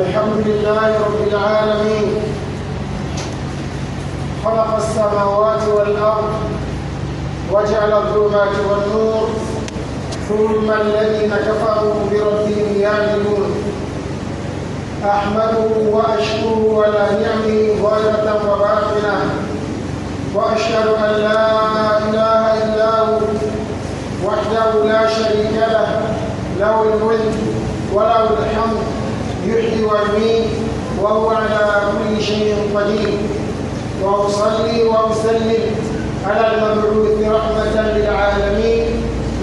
الحمد لله رب العالمين خلق السماوات والأرض وجعل الظلمات والنور ثم الذين كفروا بربهم يعملون أحمده وأشكره على نعمه ظاهرة وباطنة وأشهد أن لا إله إلا هو وحده لا شريك له له الملك وله الحمد يحيي ويميت وهو على كل شيء قدير واصلي واسلم على المبعوث رحمه للعالمين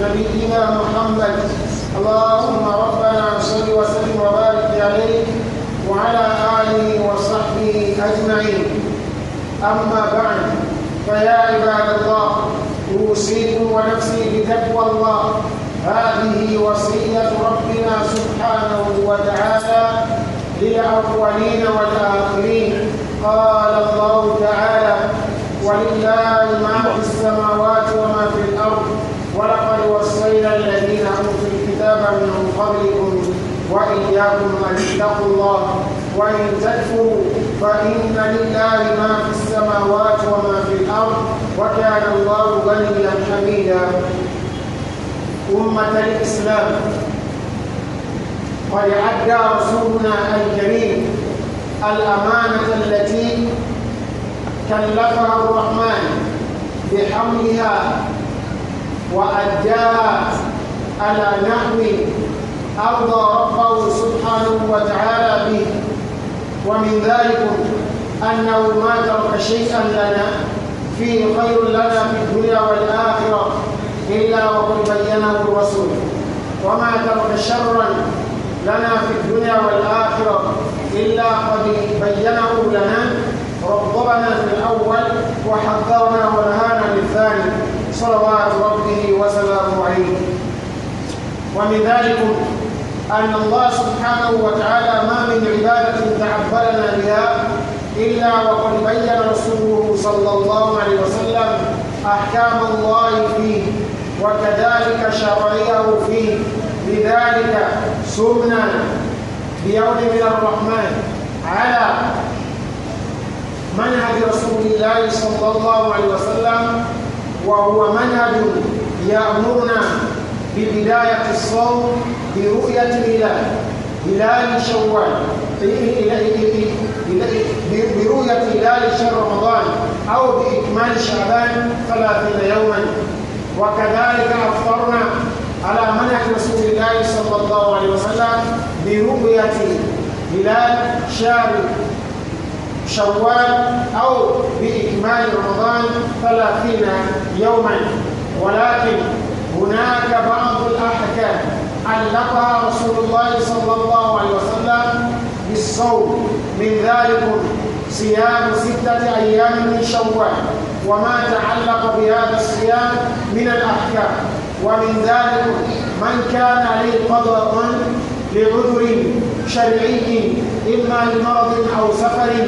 نبينا محمد اللهم ربنا صل وسلم وبارك عليه وعلى اله وصحبه اجمعين اما بعد فيا عباد الله اوصيكم ونفسي بتقوى الله هذه وصية ربنا سبحانه وتعالى للأولين والآخرين قال الله تعالى ولله ما في السماوات وما في الأرض ولقد وصينا الذين أوتوا الكتاب من قبلكم وإياكم أن اتقوا الله وإن تكفروا فإن لله ما في السماوات وما في الأرض وكان الله غنيا حميدا أمة الإسلام قد أدى رسولنا الكريم الأمانة التي كلفها الرحمن بحملها وأداها على نحو أرضى ربه سبحانه وتعالى به ومن ذلك أنه ما ترك شيئا لنا فيه خير لنا في الدنيا والآخرة إلا وقد بينه الرسول وما ترك شرا لنا في الدنيا والآخرة إلا قد بينه لنا ربنا في الأول وحذرنا ونهانا للثاني صلوات ربه وسلامه عليه ومن ذلك أن الله سبحانه وتعالى ما من عبادة تعبدنا بها إلا وقد بين رسوله صلى الله عليه وسلم أحكام الله فيه وكذلك شرعيه فيه لذلك سمنا بيوم من الرحمن على منهج رسول الله صلى الله عليه وسلم وهو منهج يأمرنا ببداية الصوم برؤية الهلال هلال شوال طيب، برؤية هلال شهر رمضان أو بإكمال شعبان ثلاثين يوما وكذلك أفطرنا على منهج رسول الله صلى الله عليه وسلم برؤية هلال شهر شوال أو بإكمال رمضان ثلاثين يوما ولكن هناك بعض الأحكام علقها رسول الله صلى الله عليه وسلم الصوم من ذلك صيام ستة أيام من شوال وما تعلق بهذا الصيام من الأحكام ومن ذلك من كان عليه قدرة لعذر شرعي إما لمرض أو سفر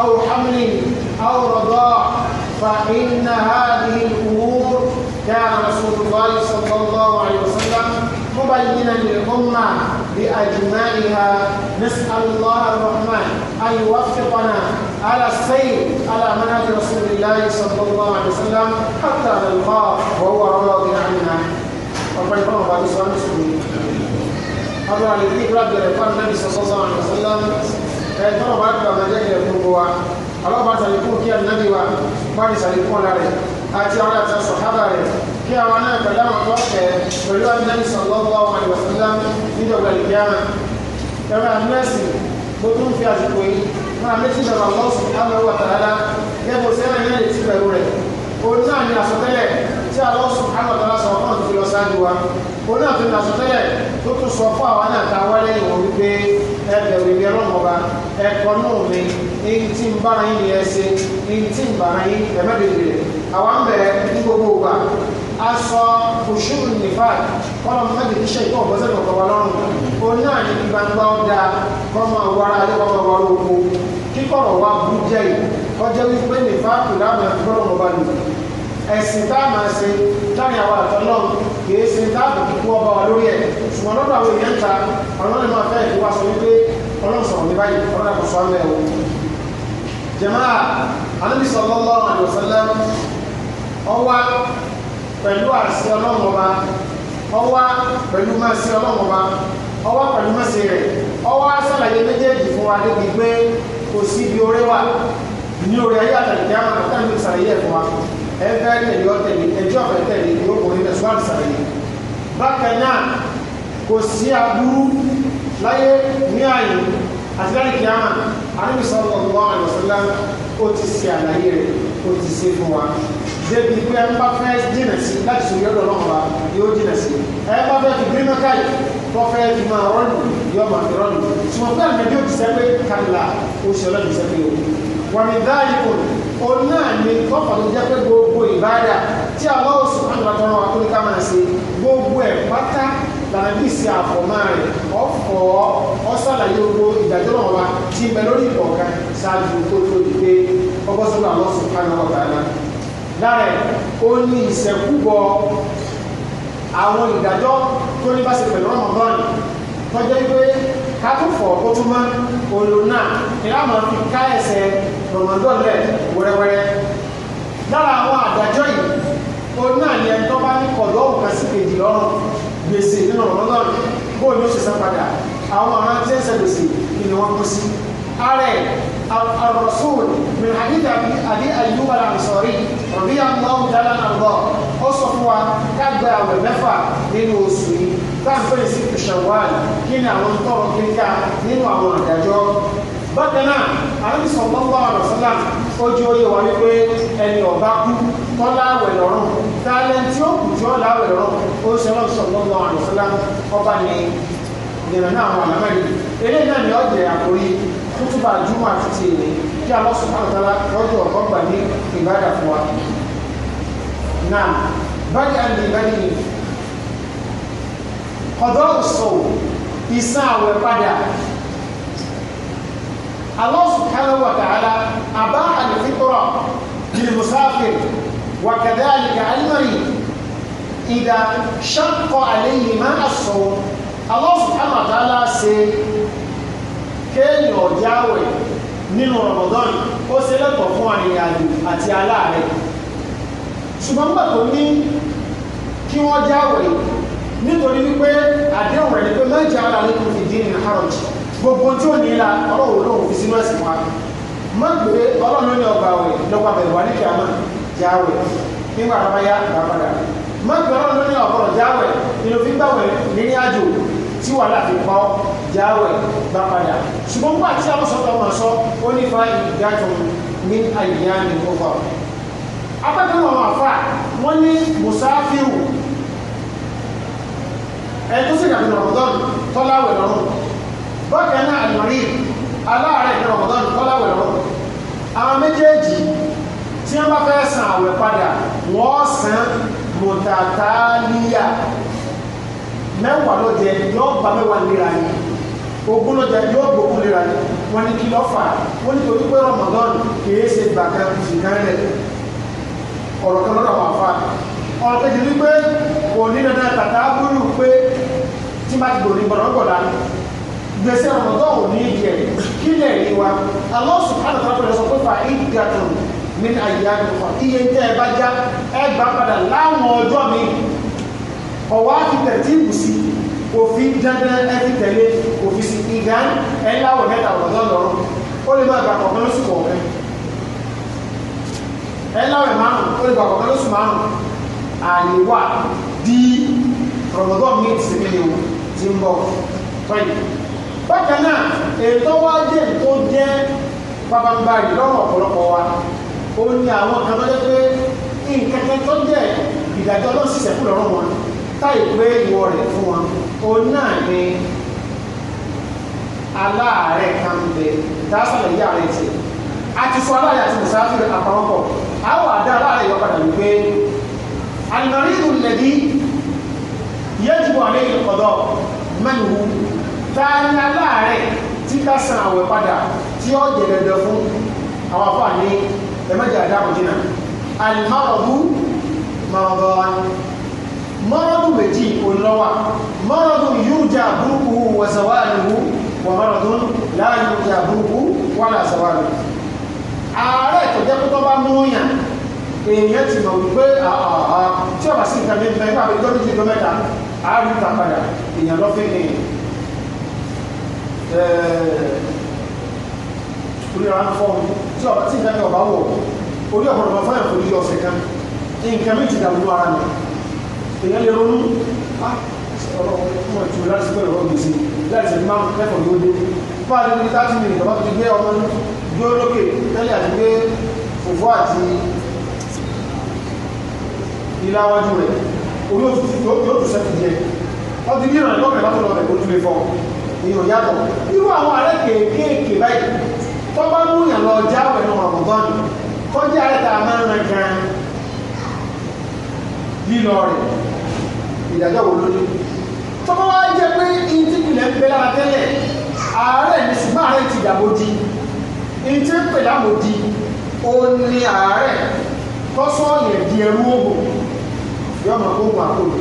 أو حمل أو رضاع فإن هذه الأمور كان رسول الله صلى الله عليه وسلم مبينا للأمة بأجمعها نسأل الله الرحمن أن يوفقنا على السير على منهج رسول الله صلى الله عليه وسلم حتى نلقاه وهو راض عنا ربنا يكرمه بعد السلام المسلمين أبو علي بن رد يقال النبي صلى الله عليه وسلم ẹ̀tọ́rọ̀ bá gba ọ̀nà jẹ́kẹ̀ẹ́ gbogbo wa ọlọ́pàá sàlékún kí ẹ̀ nàbí wa bá ní sàlékún ọ̀la rẹ̀ àti ọ̀la kí àwọn náà pẹ̀lú àwọn tó ọ̀fẹ́ pẹ̀lú àdínẹ́bí sallallahu alaihi wasallam nídọ̀gbà ìgbéyàmà ẹ̀rọ àdínẹ́sì mo tún fi àsìkò yìí máa létí ìjọba Allah subhanahu wa ta'ala gẹ́gbọ́ sẹ́wọ̀n yẹn lè ti pẹ̀lú rẹ̀ òun náà ní àsọtẹ́lẹ̀ tí Allah subhanahu wa ta'ala sọ fún àwọn tó fi lọ sáájú wa òun náà fi ní àsọtẹ́lẹ̀ tó tún sọ fún àwọn náà ta wálé ìwọ̀n wípé ẹbẹ̀rù ìbí ọlọ́mọba ẹ̀kọ́ náà mi èyí tí ń bára yín ni ẹ ṣe èyí tí ń bára yín ẹ̀mẹ́bẹ̀rẹ̀ àwọn bẹ̀rẹ̀ aṣọ òṣùrù nìfà wọn lọ́mọ mẹ́jọ iṣẹ́ ìtọ́ ọ̀bọ̀sẹ̀ lọ́kọ̀ wa lọ́rùn òun náà ní kí gbangba ọ̀dà kọ́mọ wàrà alẹ́ kọ́mọ wàrà oko kíkọ̀rọ̀ wa bú jẹ́ yìí kọjá wípé nìfà kù láàmà gbọ́dọ̀ mọ̀ bá lò ẹ̀sìn tá a máa ṣe láàrin àwọn àtọ́ náà kì í ṣe dáàbò kíkú ọba wa lórí ẹ̀ ṣùgbọ́n lọ́dọ̀ àwọn èèyàn ta ọ̀nà lè máa fẹ́ ìlú wa sọ wípé ọlọ́run sọ̀rọ̀ ní báyìí ọ̀nà kò sọ àmì ẹ̀wọ̀ jẹ̀máà anábì sallallahu alaihi wasallam ọwá pẹ̀lú àṣẹ ọlọ́run ọba ọwá pẹ̀lú mẹ́sẹ̀ ọlọ́run ọba ọwá pẹ̀lú mẹ́sẹ̀ rẹ̀ ọwá sàlàyé méjèèjì fún wa débi pé kò sí ibi orí wà ní orí ayé àtàlùkẹ́ àwọn àtàlù sàlàyé ẹ̀fọ́ wa ẹ̀fẹ́ tẹ̀lé ọ̀tẹ̀lé ẹjọ́ ọ̀fẹ́ tẹ̀lé ìwọ́kùnrin ẹ̀sùn àti sàlàyé bákan náà kò sí aburú láyé ní àyè àti láyé kíámà àdébísọ̀ ọ̀gbọ̀n àwọn ó ti ṣe àlàyé rẹ̀ ó ti ṣe fún wa débi pé ẹ bá fẹ́ jìnà sí láti sòrí ọ̀dọ̀ ọlọ́run wa yóò jìnà sí ẹ bá fẹ́ fi gírímọ̀ káyì tó fẹ́ fi máa rọ́ọ̀nù yóò máa fi rọ́ọ̀nù sùmọ̀ fún àgbẹ̀dẹ́ òtí sẹ́pẹ́ kàlà oṣù ọlọ́run sẹ́pẹ́ o wọ́n ní dáàyè kò ó náà ní tọ́fà tó jẹ́ pé gbogbo ìbáàdà tí àwọn oṣù àgbàtọ́rọ̀ wa tó ní ká máa ṣe gbogbo ẹ̀ pátá lànà bí ìsìn àfọ̀mọ́ rẹ̀ ọ̀fọ̀ ọ̀sàlàyé gbogbo ìdájọ́ náà wa ti bẹ lórí ìkọ̀ọ̀kan ṣáájú tó tó di pé ọgbọ́sọ́dọ̀ àwọn lára ẹ̀ ó ní ìṣẹ̀kúbọ̀ àwọn ìdájọ́ tó ní bá ṣe pẹ̀lú Ramadan tọ́jọ́ pé kákùfọ̀ ó tún mọ́ òlò náà ìlànà fi ká ẹsẹ̀ Ramadan lẹ̀ wẹ́rẹ́wẹ́rẹ́ lára àwọn àdájọ́ yìí ó náà ní ẹni tó bá ní kọ̀dọ̀ òun kan sí kejì lọ́rùn gbèsè nínú Ramadan bóun ni ó ṣe san padà àwọn ọ̀ràn tí ń ṣe gbèsè ni wọ́n kú sí. ara ẹ̀ الرسول من حديث أبي أيوب الأنصاري رضي الله تعالى عنه ó sọ fún wa ká gba àwẹ̀ mẹ́fà nínú oṣù yìí táǹpẹ́ ní sípò ṣàwọ́n kí ni àwọn tọrọ kíkà nínú àwọn àdájọ́ bákan náà àwọn ìsọ̀gbọ́ngbọ́ ọ̀rọ̀ sọ́lá ojú oyè wa wípé ẹni ọ̀bá kú tọ́lá àwẹ̀ lọ́rùn tálẹ́ntì ó kù tí ó láwẹ̀ lọ́rùn ó ṣe lọ́n ìsọ̀gbọ́ngbọ́ ọ̀rọ̀ sọ́lá ọba ni ìdènà náà àwọn àlámẹ́rin eléyìí náà ni ọ̀jẹ̀ àkórí kútúbà júmọ̀ àti ti èlé kí Allah subhanahu wa ta'ala lọ́dọ̀ ọ̀gbọ́gbà ní ìbádà fún wa náà báyìí àmì ìbádìí ni ọ̀dọ́ ìsọ̀ ìsàn àwẹ̀ padà Allah subhanahu wa ta'ala àbá al-fitra lil-musafir wa kadhalika al-marid idha shaqqa alayhi ma as-sawm Allah ṣe kéèyàn ọ̀já nínú Ramadan ó se lẹ́tọ̀ fún arìnrìnàjò àti aláàrẹ ṣùgbọ́n gbà tó ní kí wọ́n já nítorí wípé àdéhùn rẹ̀ ni pé mẹ́jọ ara ní kò fi dín ní harrods gbogbo tí ó ọlọ́run olóhùn fi sínú ẹ̀sìn wa má gbé ọlọ́run ní ọgbà ní nígbà tó bá yá má gbé ọlọ́run ní àjò tí wà láti pa ọ́ jáwẹ̀ bá padà ṣùgbọ́n gbà tí àwọn sọ́tọ̀ máa sọ ó ní fa ìdájọ́ ní àyíyá ní ọgbà apẹ́kẹ́ wọn àfà wọ́n ní musafiru ẹ̀ tó sì dàbí rọ̀mọ̀dọ́n tọ́láwẹ̀ lọ́rùn bọ́ọ̀kẹ́ náà àlùmọ́rí aláàárẹ̀ ní rọ̀mọ̀dọ́n tọ́láwẹ̀ lọ́rùn àwọn méjèèjì tí wọ́n bá fẹ́ san àwẹ̀ padà wọ́n san mọ̀tàtàlíyà mẹ́wàá ló jẹ yóò gba mẹ́wàá lera yìí ogún ló jẹ yóò gbógun lera yìí wọ́n ní kí ló fà wọ́n ní torí pé Ramadan kìí ṣe gbàgbà ṣìkan rẹ̀ ọ̀rọ̀ kan lọ́dọ̀ wà fà ọ̀rọ̀ kejì ní pé kò ní dandan tàtà búrú pé tí má ti gbòòrò ìgbọ̀nà gbọ̀dá gbèsè Ramadan ò ní jẹ kí lè rí wa Allah subhanahu wa ta'ala sọ pé fà ìdíyàtọ̀ ní àyè àgbẹ̀fọ̀ iye tẹ́ ẹ bá já ẹ gbà padà láwọn ọjọ́ mi ọwọ́ àti tẹ̀tíìbù sí òfin dandan ẹfi tẹ̀lé òfin sí ìgbà ẹ̀ńlá wọ̀ mẹ́ta ọ̀dọ́ lọ́rọ̀ ó lè má gbàgbọ́ kan lóṣù kọ̀ọ̀kan ẹ̀ńlá wẹ̀ márùn ó lè gbàgbọ́ kan lóṣù márùn àyè wà di rọ̀lọ́dọ́ mi ti sèké ni o ti ń bọ̀ fẹ́yìn bákan náà ètò wa jẹ́ tó jẹ́ pabambarì lọ́rọ̀ ọ̀pọ̀lọpọ̀ wa ó ní àwọn kan tó jẹ́ pé nǹkan kan tó jẹ́ ìdájọ́ lọ́sísẹ́kù lọ́rọ̀ wọn táì pé ìwọ rẹ̀ fún wọn òun náà ni aláàárẹ̀ kan bẹ dáṣọ̀lẹ̀ ìyá rẹ̀ ti àti sọ aláàárẹ̀ àti mùsàáfì àpamọ́pọ̀ àwọn àdá aláàárẹ̀ yọ padà wípé alìmọ̀rìnù lẹ́dí yẹ́jú àlẹ́ ìkọ̀dọ̀ mẹ́nuhu ta ni aláàárẹ̀ tí ká san àwẹ̀ padà tí ó jẹ dandan fún àwọn afọ àní ẹ̀mẹ́jẹ̀ àdá àmọ̀jìnà alìmọ̀rọ̀dú mọ̀rọ̀dọ̀ mọ́rọ̀dù méjì olówà mọ́rọ̀dù yújà burúkú wà sàwàlùú wà mọ́rọ̀dù láàrújà burúkú wà là sàwàlù ààrẹ tó jẹ́ pé tó bá mú yàn èèyàn ti mọ̀ wípé àà tí ọ̀bà sí ìkàmì ìfẹ́ nípa àbíjọ́ méjì ló mẹ́ta àárí ìta padà èèyàn lọ́fẹ́ ní orí ara ń tí ọ̀bà sí ìkàmì ọ̀bá wọ̀ orí ọ̀pọ̀lọpọ̀ fọ́yàn kò ní ọ̀sẹ̀ kan nǹkan méjì dàbí ara mi èèyàn lè ronú ah, ọmọ ìtura láti gbẹ̀rẹ̀ ọ̀rọ̀ gbèsè láì sẹ́ni máa mẹ́fọ̀ ló dé fún àti ní táàtì mi ìjọba ti gbé ọmọ dúró lókè tẹ́lẹ̀ àti gbé fòfó àti ilá wájú rẹ̀ orí yóò tún sẹ́kì jẹ wọ́n ti ní ìrànlẹ́ lọ́kẹ̀ látọ̀ lọ́kẹ̀ tó tún lè fọ́ èèyàn yàtọ̀ irú àwọn ààrẹ kéékèèké báyìí tó bá mú yàn lọ jáwèé náà ọ̀gbọ́n kọjá ààrẹ máa ń ran gan lílọ rẹ̀ ìdájọ́ wo ló ní. tọ́kọ́ wá jẹ́ pé ntí ìpìlẹ̀ ń bẹ lára tẹ́lẹ̀ ààrẹ ní ṣùgbọ́n ààrẹ ti dàbò di ntí ń pè láàmò di òun ni ààrẹ tọ́sọ́ yẹn di ẹrú òògùn yóò mọ̀ kó òògùn àkóòdù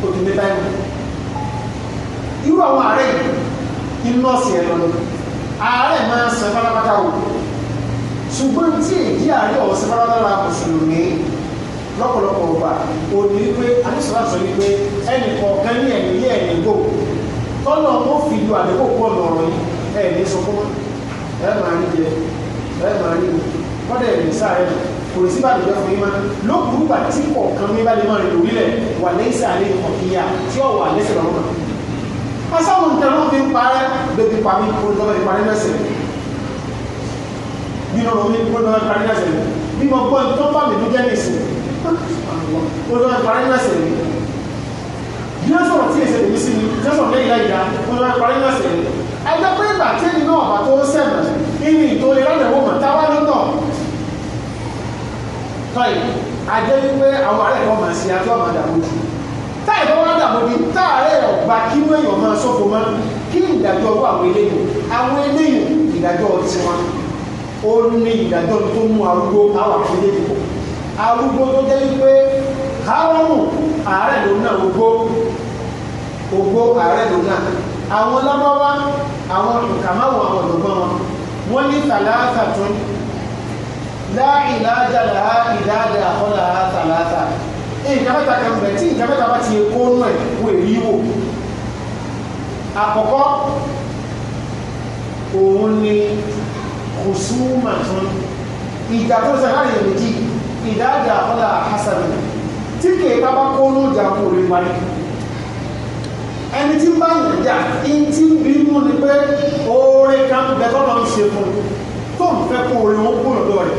kò tún dé báyìí. irú àwọn ààrẹ yìí inú ọ̀sìn ẹ̀ lọ́nà ààrẹ máa ń san pátápátá wò ṣùgbọ́n tí èyí ààrẹ ọ̀sìn pátápátá la sùn ní lọ́pọ̀lọpọ̀ ọba òní wípé anísọ̀rọ̀ sọ wípé ẹnì kọ̀ọ̀kan ní ẹ̀mí ní ẹ̀mí gbò tọ́lọ̀ ó fi lu àdéhùn kú ọ̀nà ọ̀rọ̀ yìí ẹ̀mí sọ fún ẹ máa ń jẹ ẹ máa ń lò wọ́n dẹ̀ ẹ̀mí sáà ẹ̀ kò sí bá àdéhùn fún yín má lókùrú gbà tí kọ̀ọ̀kan mi bá lè máa rìn lórílẹ̀ wà lẹ́yìn sáà lè kọ̀ kíyà tí ọ̀wà lẹ́sẹ̀ lọ́wọ́ asáwọn nǹkan ló fi ń parẹ́ bébí pàmí kóńtọ́lọ́ ìparí lẹ́sẹ̀ nínú ọ̀rọ̀ mi kóńtọ́lọ́ ìparí lẹ́sẹ̀ bí mo gbọ́ ìtọ́ wọ́n lọ́wọ́ parí náà sẹ̀rẹ̀ yóò tí èsè èyí sí ni yóò lẹ́yìn láyìí dá parí náà sẹ̀rẹ̀ ẹjọ́ pé ìgbà tẹ́ni náà bá tó sẹ̀mẹ̀ inú ìtòlè lọ́dẹ̀wò mọ̀ táwa lọ́nà tọ́yì ajẹ́ wípé àwọn àárẹ̀ kan máa ṣe àjọ máa dàbò jù táì bá wá dàbò bí táàárẹ̀ ọ̀gbà kí wọ́n èèyàn máa sọ́fọ̀ mọ́ kí ìdájọ́ ọwọ́ àwọn eléyìí àwọn eléyìí ìdájọ́ ọtí wọn ó ní ìdájọ́ tó mú arúgbó àwọn àfẹ́lẹ́yìí arúgbó tó jẹ́ wípé hárọ́mù ààrẹ lòun náà ògbó ògbó ààrẹ lòun náà àwọn lọ́mọ́wá àwọn kàmáwọn àwọn ọ̀dọ́gbọ́n wọn wọ́n ní tàlàáta tún láìláàjà láìláàjà àkọlà tàlàáta nǹkan mẹ́ta kan bẹ̀ tí nǹkan mẹ́ta bá ti kó nù ẹ̀ wò èyí wò àkọ́kọ́ òun ni kùsùmà tún ìjà tó sẹ́ká lè méjì ìdájà ọ̀la hasadu tí kìí bá kó ló jà kó rí parí ẹni tí bá yàn jà ẹni tí ń bí mú ni pé oore kan bẹ tọ́lọ́ ń ṣe fún tó ń fẹ́ kó orin wọn kó lọ́dọ̀ rẹ̀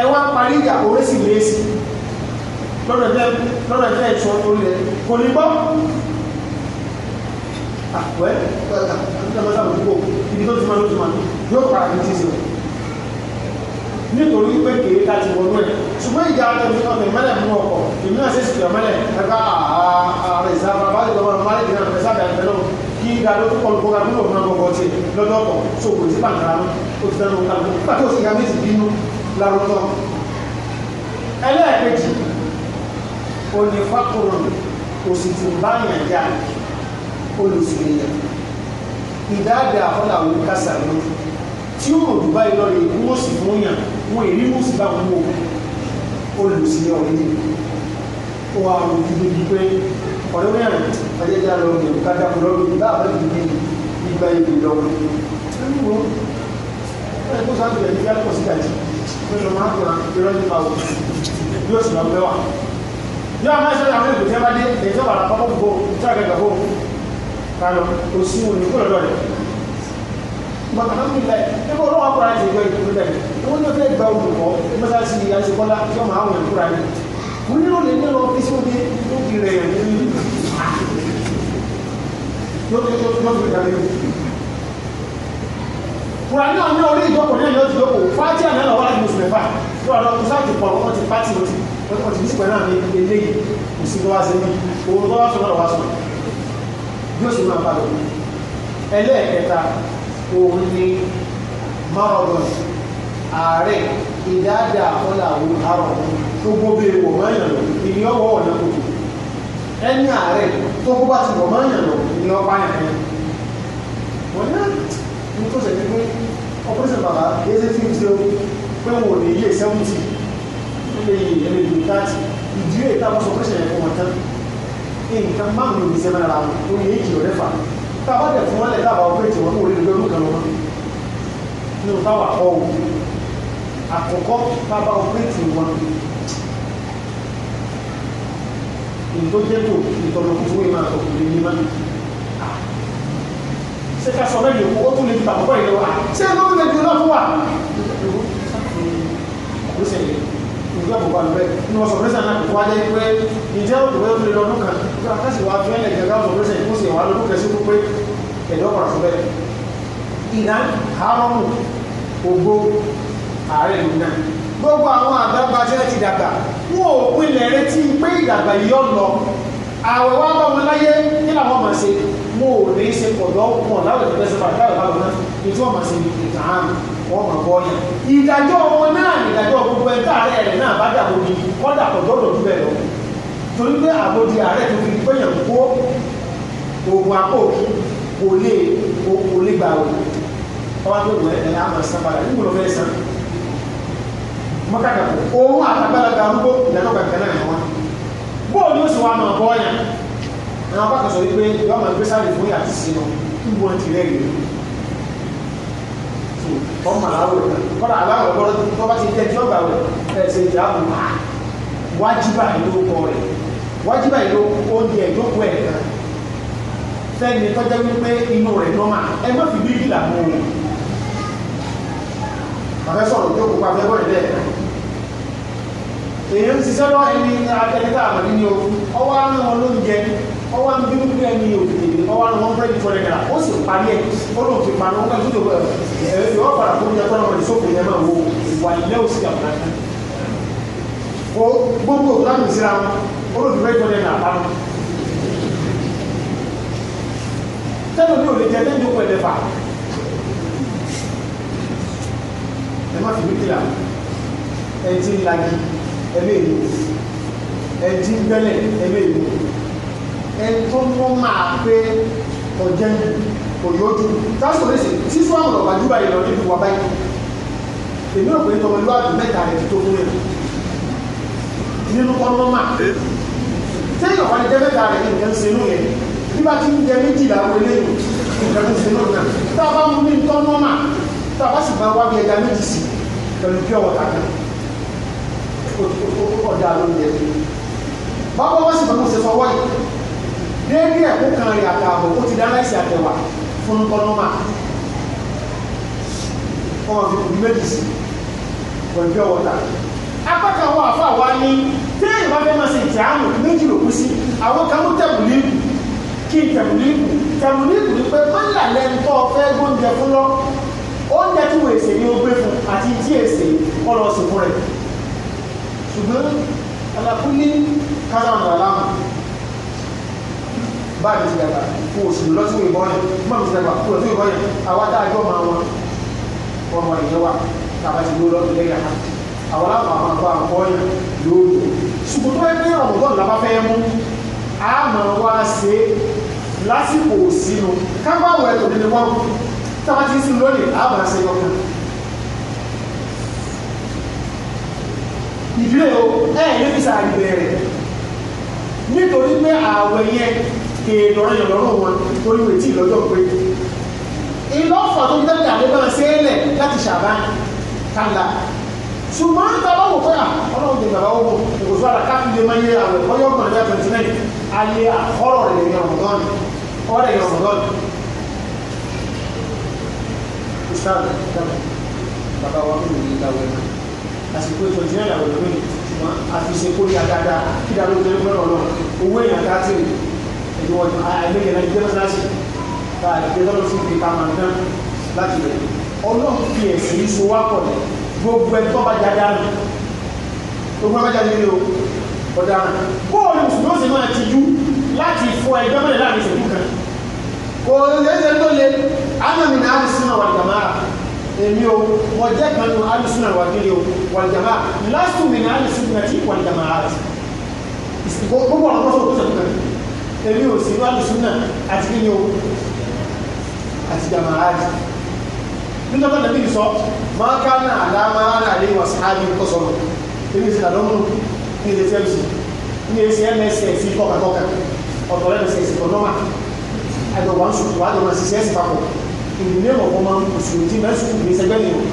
ẹ wá parí ìjà oore sì lé lọ́dọ̀ ẹ̀fẹ́ lọ́dọ̀ ẹ̀fẹ́ ìṣọ́ orí rẹ̀ kò ní gbọ́ ah, ah, àpẹ́ ibi tó ti máa ló ti máa yóò pa àbí tí ì nítorí pé kèé ká ti wọnú ẹ̀ ṣùgbọ́n ìjà ọ̀tẹ̀ mẹ́lẹ̀ mú ọkọ̀ èmi náà ṣe sìkìlọ̀ mẹ́lẹ̀ ẹ̀ka ààrẹ ìsáfà bá ti lọ́wọ́ máa lẹ́yìn náà fẹ́sàbẹ̀ àgbẹ̀ náà kí ga ló kọ́ lóko ga lóko náà gbọ́gbọ́ ti lọ́dọ̀ ọkọ̀ tó kò sí pàǹkàrà ló ó ti dáná ọ̀gá lóko nígbà tó sì ga méjì bínú lárúkọ. ẹlẹ́ẹ̀kejì òní fákùrùn òsì ti bá yàn já olùsìlẹ̀ ìdáàbẹ̀ àfọlàwò kásà ló tí ó mọ̀ dùbá ìlọrin ìkúwòsì fún yàn wọn èrí mùsùlùmí báwọn wò olùsílẹ̀ ọ̀rẹ́ ní ó wà àwọn òbí pé ọ̀rẹ́ mẹ́rin ọjọ́ ìjà lọ ní ìkájà kò lọ́ọ́ bíi báà bẹ́ẹ̀ bíi gbígbá ibi lọ. ẹnìwó ẹ kó sáà bẹ̀rẹ̀ nígbà pọ̀ sí kàjí pé lọ máa ń kọ̀ra ìrọ́ nípa wò bí ó sì lọ bẹ́wà. yóò máa ṣe àwọn èdè bá dé èyí tó bàrà pápá gbogbo tí mọ̀tàmọ́tìlá ẹgbẹ́ ọlọ́wọ́ akọ̀rọ̀ àti ìjọ ìjọba bẹ̀rẹ̀ wọ́n ní ọ̀fẹ́ gba olùkọ́ mọ́sáàsì àṣekọ́lá yọ máa wọ̀ ẹ̀kúra ni mo ní òní ní lọ fi sóde ó fi rẹ̀ yàn ní lókè tó tó fi dàbí o. kùrà náà ní orí ìjọkọ̀ náà yóò ti dọ́kọ̀ fájí àná lọ́wọ́ láti oṣù mẹ́fà lọ́wọ́ àlọ́ kò sáà ti pọ̀ wọ́n ti pàtì lọ́tì wọ́n ti nípa náà ní eléyìí kò sí lọ́wọ́ sí owó lọ́wọ́ sọ náà wá sọ yóò sì máa bá lọ ẹlẹ́ẹ̀kẹta òun ni márùn ààrẹ ìdájà àkọlàwò àrùn gbogbo bèèrè wọ̀ máa yàn lọ ìní ọwọ́ ọ̀nà gbogbo ẹni ààrẹ tó kó bá ti wọ̀ máa yàn lọ ìní ọba yàn lọ. wọ́n ní ní tó ṣe pé ọpẹ́sẹ̀ bàbá ẹsẹ̀ tí ń ṣe o pé wọn ò ní ilé sẹ́wọ́ntì ó lè yí ẹni ìlú táàtì ìdílé ìtàkùn sọ pẹ́sẹ̀ yẹn fún wọn tán nǹkan márùn-ún ìṣẹ́ mẹ́ra wọn ó ní èjì ọ̀rẹ́fà tá a bá dẹ̀ fún wọn lẹ̀ dábàá ọ̀pẹ́ tí wọn ní orílẹ̀ lórí kan lọ́wọ́ nínú táwọn àkọ́ o àkọ́kọ́ tá a bá ọ̀pẹ́ tí wọn ìdójẹ́tò ìtọ́nà kúkú yìí máa tọ̀kù lè yíma ṣé ká sọ lẹ́yìn owó ó tún lè gbà púpọ̀ ìlú wa ṣé ló lè jù náà fún wa? ìgbésẹ̀ yìí ìgbà kò bá lọ́rẹ́ ní wọ́n sọ̀rọ̀sẹ̀ náà kò wájẹ́ pé ìjẹ́ òkúrẹ́ ó lè lọ́dún kan nígbà kásì wá fẹ́ lẹ̀ gẹ́gẹ́ sọ̀rọ̀sẹ̀ kó sì wá lọ́dún kẹsí pé ẹ̀dọ́ ọ̀rọ̀ fún bẹ́ẹ̀ ìdá àárọ̀mù ògbó ààrẹ ìlú náà gbogbo àwọn àgbàgbà tí wọ́n ti dàgbà wọn ò pinlẹ̀ retí pé ìdàgbà yìí ọ̀ lọ àwẹ̀ wá bá wọn láyé kí làwọn máa ṣe wọn ò ní í ṣe pọ̀ lọ́wọ́ pọ̀ láwùjọ tẹ́sán bàtà ìbáwọn náà ní tí wọ́n ìtàn àmì wọ́n mọ̀ bọ́ yẹn ìdájọ́ wọn náà ìdájọ́ gbogbo ẹ̀ tá àárẹ̀ rẹ̀ náà bá dàbò bí kọ́dà kọ̀dọ́dọ̀ tó bẹ̀rẹ̀ lọ torí pé àbòdì àárẹ̀ tó fi péyàn kó oògùn àpòkí kò lè kò lè gbà wò ọwọ́ tó wọ̀ ẹ̀ á máa san padà nígbà lọ́fẹ́ san mọ́kàkà òun àtàgbàlagbà arúgbó ìdáná kankan náà wọn bóòlù ó sì wá máa bọ́ yẹn àwọn bá kà sọ wípé yọ́ọ̀ máa gbé sáré fún yàtí sí lọ kí wọ́n ti rẹ́rìí ọmọ àwẹ̀ kọ́lá aláwọ̀ ọ̀gbọ́rọ̀ tó bá ti jẹ́ tí ọgbà rẹ̀ ẹ̀ ṣe ìjà àbò wájúbà ìlú kọ rẹ̀ wájúbà ìlú oúnjẹ ìjókòó ẹ̀ kan fẹ́ni tọ́jọ́ wípé inú rẹ̀ nọ́mà ẹ má fi bí ìlà mú un àfẹ́ sọ̀rọ̀ tó kó pàfẹ́ bọ́ọ̀lì bẹ́ẹ̀ èèyàn ń ṣiṣẹ́ lọ́ ẹni akẹ́kẹ́ àmọ́ nínú ọwọ́ àwọn olóúnjẹ ọwọ́ àwọn bíbí bíbí ẹni òkèèrè ọwọ́ àwọn ọmọ bẹ́ẹ̀ nìkan náà ó sì parí ẹ̀ ó lóun fi parí ọgbà tó lò ẹ̀ yọ padà fún ìyá tọ́lọ́mọ ní sókè yẹn máa wo ìwà ilé òsì àbúrádá ó gbogbo láti síra wọn ó lóun fi bẹ́ẹ̀ tọ́lẹ̀ náà pa wọn. tẹ́lẹ̀ mi ò lè jẹ́ tẹ́lẹ̀ ìjókòó ẹ̀dẹ̀fà ẹ má fi mí kíra ẹ ti ń lagi ẹ bẹ́ẹ̀ ni ẹ ti ń gbẹ́lẹ̀ ẹ bẹ́ẹ̀ ni ẹni tó mọ́ máa pé ọ̀jẹ́ òyòjú tásìkò lè ṣe sísú àwọn ọ̀rọ̀ àjúbà ìlọ nínú wa báyìí èmi ò pé tọmọ ìlú àdùn mẹ́ta rẹ̀ tó fún yẹn nínú kọ́ mọ́ máa tẹ́yìn ọ̀pá ni jẹ́ mẹ́ta rẹ̀ ní nǹkan ṣe nù yẹn nígbà tí ń jẹ méjìlá àwọn eléyìí nǹkan tó ṣe nù náà tá a bá mú ní tọ́ mọ́ máa tá a bá sì máa wá bí ẹja méjì sí pẹ̀lú bí ọ̀wọ̀ kàkà ọ̀dà ló ń yẹ báwo wá sì máa mú ṣe fọwọ́ yìí déédéé ẹ̀kú kan rẹ̀ àtààbọ̀ ó ti dáná ẹ̀sìn àtẹ̀wà fún gọ́nọ́mà ọmọ fi kùn méjì sí pẹ̀lú ọ̀tà apá kan wà fún àwa ní téèyàn bá fẹ́ máa ṣe ìtìámù méjì ló kú sí àwọn kan ló tẹ̀bù kí n tẹ̀bù líìkù tẹ̀bù ni pé má là lẹ́ńtọ́ fẹ́ gbóúnjẹ fún lọ oúnjẹ tí wọ́n èsè ni ó gbé fún àti tí èsè kọ́ lọ sí fún rẹ̀ ṣùgbọ́n alákùnrin káràmù báyìí ti dàgbà kó o sì lọ sí ìbọn yẹn mọ́mí ti dàgbà kó o lọ sí ìbọn yẹn àwa tá a jọ máa wọn ọmọ ìyẹn wa tàbá ti lórí ọdún lẹ́yìn àná àwọn aláwọ̀ àwọn àgbà àkọ́ yẹn lóòótọ́ ṣùgbọ́n tó yẹ pé ọ̀mọ̀gbọ́n làbá fẹ́ mú a máa wá ṣe lásìkò sínú kábàáwọ̀ ẹ̀ tòbí ni wọ́n tàbá ti sí lónìí a máa ṣe que kí lọ́rọ̀ yọ̀ lọ́rọ̀ wọn torí wọ́n ti lọ́jọ́ pé ìlọ́fọ̀ tó gbé dàdé náà sẹ́lẹ̀ láti ṣàbá kàlà ṣùgbọ́n tàbá wò o ọlọ́run ti bàbá a kò sọ àrà káfí lè máa yẹ àwọn ẹ̀kọ́ yóò 29, já a horror de àkọ́rọ̀ rẹ̀ ní ọ̀mọ̀gán ọ̀rẹ́ ní está, está, dábàá bàbá wa kúrò ní ìdáwọ̀ ẹ̀ka àsìkò que nine àwọn ẹ̀kọ́ yìí ṣùgbọ́n àfi ṣe kó yá dáadáa kí dáadáa ó jẹ́ pẹ́rọ náà owó èèyàn dá tèrè ìlú ọjọ́ àìmọye náà jẹ́ mọ́sálásì tá a jẹ́ lọ́dún sí ibi káma náà láti rẹ̀ ọlọ́run fi ẹ̀sìn so wá pọ̀ ní gbogbo ẹ̀ tó bá jáde àná gbogbo ẹ̀ bá jáde ní o ọ̀dà bóòlù ṣùgbọ́n sì máa ti jú láti fọ ẹgbẹ́ mọ́lẹ̀ láàrin ìṣẹ́jú kan kò lẹ́sẹ̀ tó le ánàmì náà á sì máa wà jàmá èmi o wọ́n jẹ́ kan nínú alùsùn náà wà kéde o wà jàmá lásùmí náà alùsùn náà ti wà jàmá àti gbogbo àwọn ọ̀pọ̀ sọ̀tún sọ̀tún kan èmi ò sí wàlú súnà àti kí ni o àti jàmà áàdì nígbà tó nàbí sọ máa ká náà àlámà àlàyé wà sáájú tó sọ̀rọ̀ èmi sì làdọ́ mú ní ilé fmc ní ilé mss kọkàkọkà ọ̀dọ̀ mss kọ̀ nọ́mà àgbẹ̀ wà ń sùn wà á dọ̀ máa ṣiṣẹ́ sí papọ̀ ìdílé mọ̀kọ́ máa ń kùsù ojú bẹ́ẹ̀ sùn ní sẹgbẹ́ nìyẹn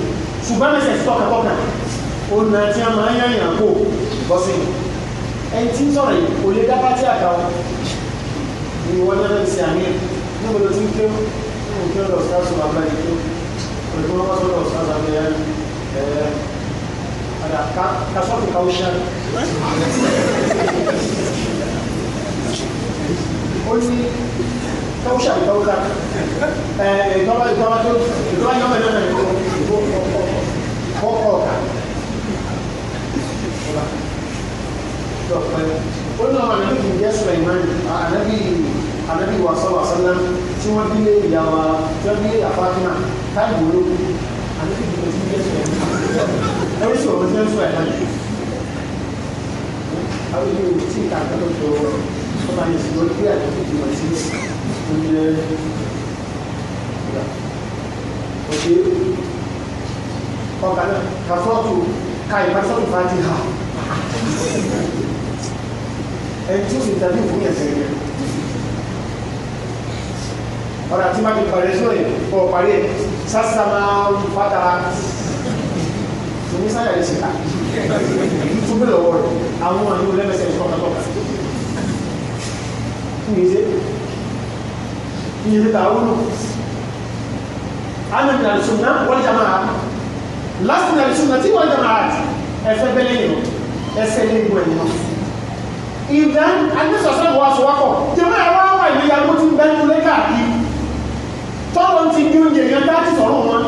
ṣùgbọ́n mss kọkàkọkà ó nà tí a máa ń yàn yàn kó bọ́sìn ẹni tí ń sọ̀rọ̀ yìí kò lè dá pátí àkàwọn a ni wọ́n lẹ́rẹ̀ sí àníyàn níbo ló ti ń kéwọ́ níbo kí ọ̀dọ̀ ṣáṣù abáyé tó pẹ̀lú wọn wọ́n sọ̀rọ̀ ṣáṣù abáyé ẹ̀ padà ká sọ́ọ̀tù ká ó ṣá ó ní ká ó ṣá ìgbà ó ká ìgbọ́lá ìgbọ́lá tó ìgbọ́lá yọ̀ mẹ́lẹ́ mẹ́lẹ́ kọ́kọ́ ọ̀ká olùdó àwọn ànábì kì í jẹ́ Sulaiman ànábì ànábì wa sọ́wọ́ sọ́lá tí wọ́n dílé ìyá wa tí wọ́n dílé àfáàkínà táì wòló ànábì kì í jẹ́ Sulaiman ẹ̀rí sọ̀rọ̀ tí wọ́n sọ ẹ̀ náà àwọn ilé ìwé tí ìka àgbàdo tó wọ́n máa yẹ sùgbọ́n bí àdúgbò ti wọ́n ẹni tí ó sì tẹ̀lé ìwé ẹ̀sẹ̀ rẹ̀ ọ̀nà tí má ti parí ẹ̀sọ́ yìí kọ́ parí ẹ̀ sásá máa ń pátá omi sáyà lè ṣe ká tó bí lọ́wọ́ rẹ̀ àwọn ọ̀nà yóò lẹ́mẹsẹ̀ ní kọ́kàtọ́kà ní ìṣe ní ìṣe tàwọn àmì nàìjíríà wọ́n jẹ́ máa lásìkò nàìjíríà tí wọ́n jẹ́ máa ẹ̀fẹ́ ìdá agbésọ̀sẹ́ wọ́n aṣọ wákọ̀ jẹ́mọ́ ẹ̀wọ́ àwọn ìlera ló ti ń bẹ́nu lé káàkiri tọ́lọ́ ti di oúnjẹ yẹn bá ti sọ̀rọ̀ wọn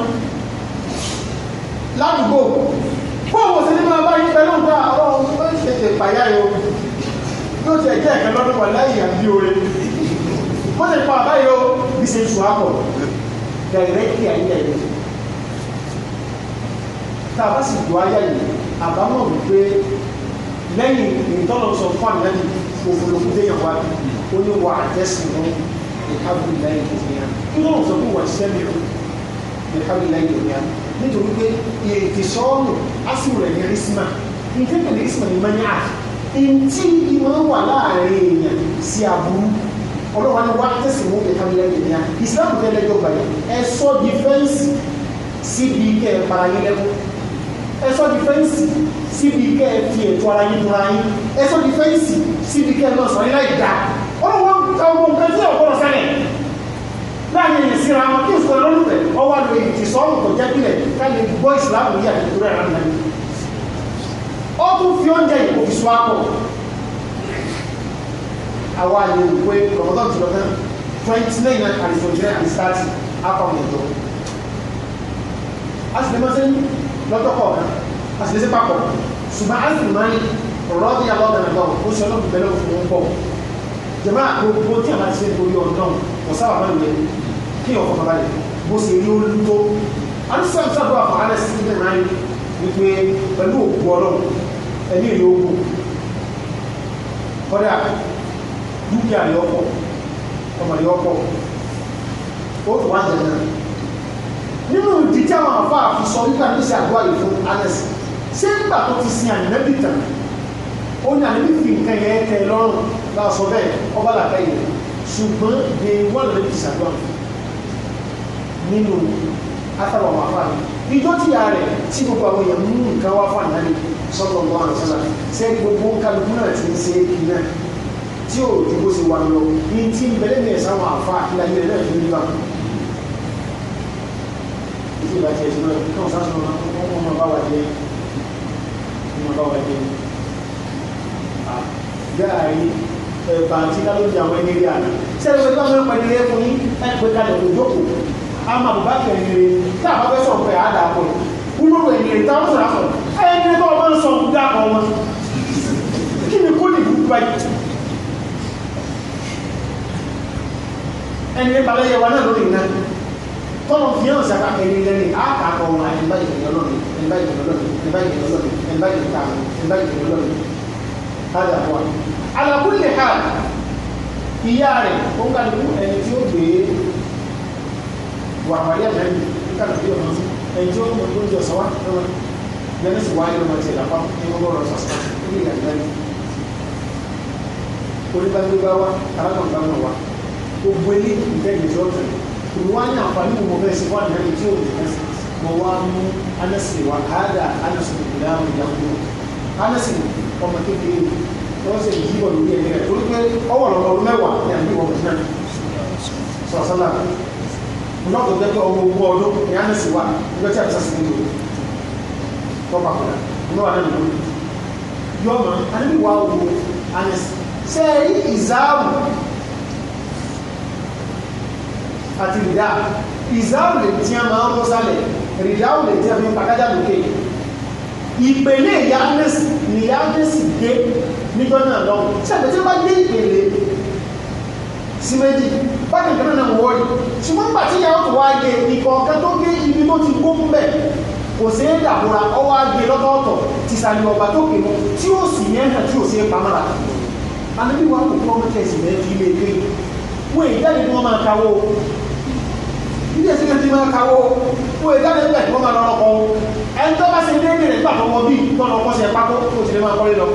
ládùúgbò fóònù sí ní máa bá yín pẹ̀lú nǹkan àwọn ọmọ ìṣèṣe pàyà yìí o yóò ti ẹ̀jẹ̀ ẹ̀kẹ́ lọ́dún wà láyé àbí oore wọ́n ti pa àbáyé o bí ṣe sùn àpọ̀ dàrẹ́kì ayé yìí lẹ́yìn ìtọ́lọ̀ sọ fún àdìlẹ́yìn òfurufú dé yàwá ó ní wà àtẹ́sí mú ìkábù lẹ́yìn ìfìyà kí ló ń sọ fún wà sẹ́mi o ìkábù lẹ́yìn ìfìyà nítorí pé ètò sọ́ọ̀nù ásìmù rẹ̀ ní rísímà ìfẹ́pẹ̀ ní rísímà ní mẹ́nyà ntí ìmọ̀ wà láàrin èèyàn sí aburú ọlọ́wà ni wà àtẹ́sí mú lẹ́yìn ìfìyà ìsìlámù tẹ́lẹ̀ yóò bàyẹ̀ ẹ sọ ẹ sọ di fẹ́ǹsì síbi kẹ́ ẹ fi ètò ara yín múra yín ẹ sọ di fẹ́ǹsì síbi kẹ́ ẹ lọ sọ yín láì dá ọlọ́wọ́ ọmọ nǹkan tí ọ̀pọ̀ sẹ́lẹ̀ láàrin èyí síra wọn kí ìfọ̀ lọ́lùfẹ̀ ọwọ́ àlọ́ èyí ti sọ ọ̀rùn kò jẹ́ kílẹ̀ káyọ̀ gbọ́ ìsìlámù yìí àti ìtura ìlànà yìí ó tún fi oúnjẹ yìí kò fi sọ àpọ̀ àwa yìí ò pé rọ̀mọ́tọ́ ti twenty nine and twenty nine and thirty apá mi jọ a sì lè máa sẹ́yìn lọ́jọ́ kọ̀ọ̀kan a sì lè ṣe papọ̀ ṣùgbọ́n a sì máa ń rọ́ bí alọ́dà náà lọ́wọ́ ó ṣe ọlọ́run bẹ̀rẹ̀ òfin ń bọ̀ jẹ̀mọ́ àgbogbo tí a máa ṣe torí ọ̀dọ́n kò sábà máa ń yẹ kí ọkọ̀ bàbá rẹ̀ bó ṣe rí olú tó a ń sábà sábà wà fàálẹ̀ sí ilé náà wípé pẹ̀lú òkú ọlọ́run ẹ̀mí nínú ìdí tí àwọn àfa àfi sọ nígbà tó ṣe àdúrà yìí fún anẹsì ṣé nígbà tó ti sin ànábì tàn ó ní ànábì fi nǹkan yẹn tẹ lọ́rùn bá a sọ bẹ́ẹ̀ ọba làkà yìí ṣùgbọ́n de wọ́n lè fi ṣàdúrà nínú afẹ́wọ̀n àfa mi ìjọ tí a rẹ̀ tí gbogbo àwọn èèyàn mú nǹkan wá fún ànábì sọ́dọ̀ ọ̀gbọ́n àlùfáà ṣé gbogbo kálukú náà ti ń ṣe é kí náà tí ò dúró sí wa lọ ní tí ń tí ìbá tiẹ̀ sí náà kí wọ́n sá sọ̀rọ̀ náà wọ́n máa bá wa jẹ wọ́n máa bá wa jẹ gààrí ẹ̀bà tí ká ló di àwọn ẹni rí àná sẹ́yìn pé káwọn ẹ̀pẹ̀ nílé fún yín ẹ̀pẹ̀ kalẹ̀ kò jókòó a máa bùbá kẹrin rẹ tá a bá fẹ́ sọ̀rọ̀ tọ́lọ̀ fi hàn sàkà kẹ́lẹ́ lẹ́nu àkàkọ̀ wọn àti báyìí kẹ́lẹ́ lọ́nà ẹ̀ báyìí kẹ́lẹ́ lọ́nà ẹ̀ báyìí kẹ́lẹ́ lọ́nà ẹ̀ báyìí kẹ́lẹ́ lọ́nà ẹ̀ báyìí kẹ́lẹ́ lọ́nà hádà wà. Ala kulli hal ìyá rẹ̀ ó ń kálukú ẹni tí ó gbé wà pàdé àtàlẹ́ ń kálukú yọ̀ mọ́sí ẹni tí ó mọ̀ tó ń jọ sọ́wọ́ yẹnu sì wáyé ọmọ tiẹ̀ lápá ní gbogbo ọ̀rọ̀ sọ̀sọ̀ ní ìlànà ìlànà onígbàgbé bá wá èmi wá ní àǹfààní mo bẹ́ẹ̀ ṣe wá nìyẹn tí ò lè mẹ́ mo wá mú anẹ́sì wà káàdà anẹ́sì ìdáhùn ìyàwó anẹ́sì ọmọ kékeré wọ́n sì yí wọ̀ lórí ẹ̀yẹ rẹ̀ torí pé ọwọ́ ọ̀rọ̀ mẹ́wàá ní àbí wọ̀ náà sọ̀sọ́lá lọ́kọ̀ gẹ́gẹ́ ọmọ ogún ọdún ní anẹ́sì wà nígbà tí a bẹ̀sẹ̀ sí ní ìlú tọ́pà kọ́lá ní wà lẹ́nu lórí yọ̀ọ̀mọ̀ anẹ́bí wà owó anẹ́sì sẹ́ẹ̀rí ìzáàmù àti rìdá ìzáwò lè tí a máa ń rọ́ sálẹ̀ rìdáwò lè tí a fi ń pàkájà lókè ìpele ìyáfẹ́sì ni ìyáfẹ́sì dé níjọ́ náà lọ́wọ́ sẹ́gbẹ̀ tí ó bá dé ìpele sí méjì bákan kan náà wọ́ yìí ṣùgbọ́n gbà tí ìyàwó tó wá gé ikọ̀ ọ̀kan tó gé ibi tó ti kó mbẹ̀ kò sí é dàbúra ọwọ́ agé lọ́tọ̀ọ̀tọ̀ ti sàlẹ̀ ọ̀gbà tó kè mọ́ tí ó sì yẹn hàn tí ó sì é pamọ́ra anábíwá kò kọ́ mọ́tẹ́sì mẹ́fì ilé ìgbé wọ́n èyí jáde ni wọ́n máa kawó ilé ìsinmi ti máa kawó wọ́n èdè àti ẹgbẹ́ ìwọ́n máa lọ ọkọ̀ o ẹni tó bá ṣe déédé rẹ̀ nígbà tó wọ́n bí ìgbọ́n ọkọ̀ ṣe pákó kó ti lè máa kọ́lé lọ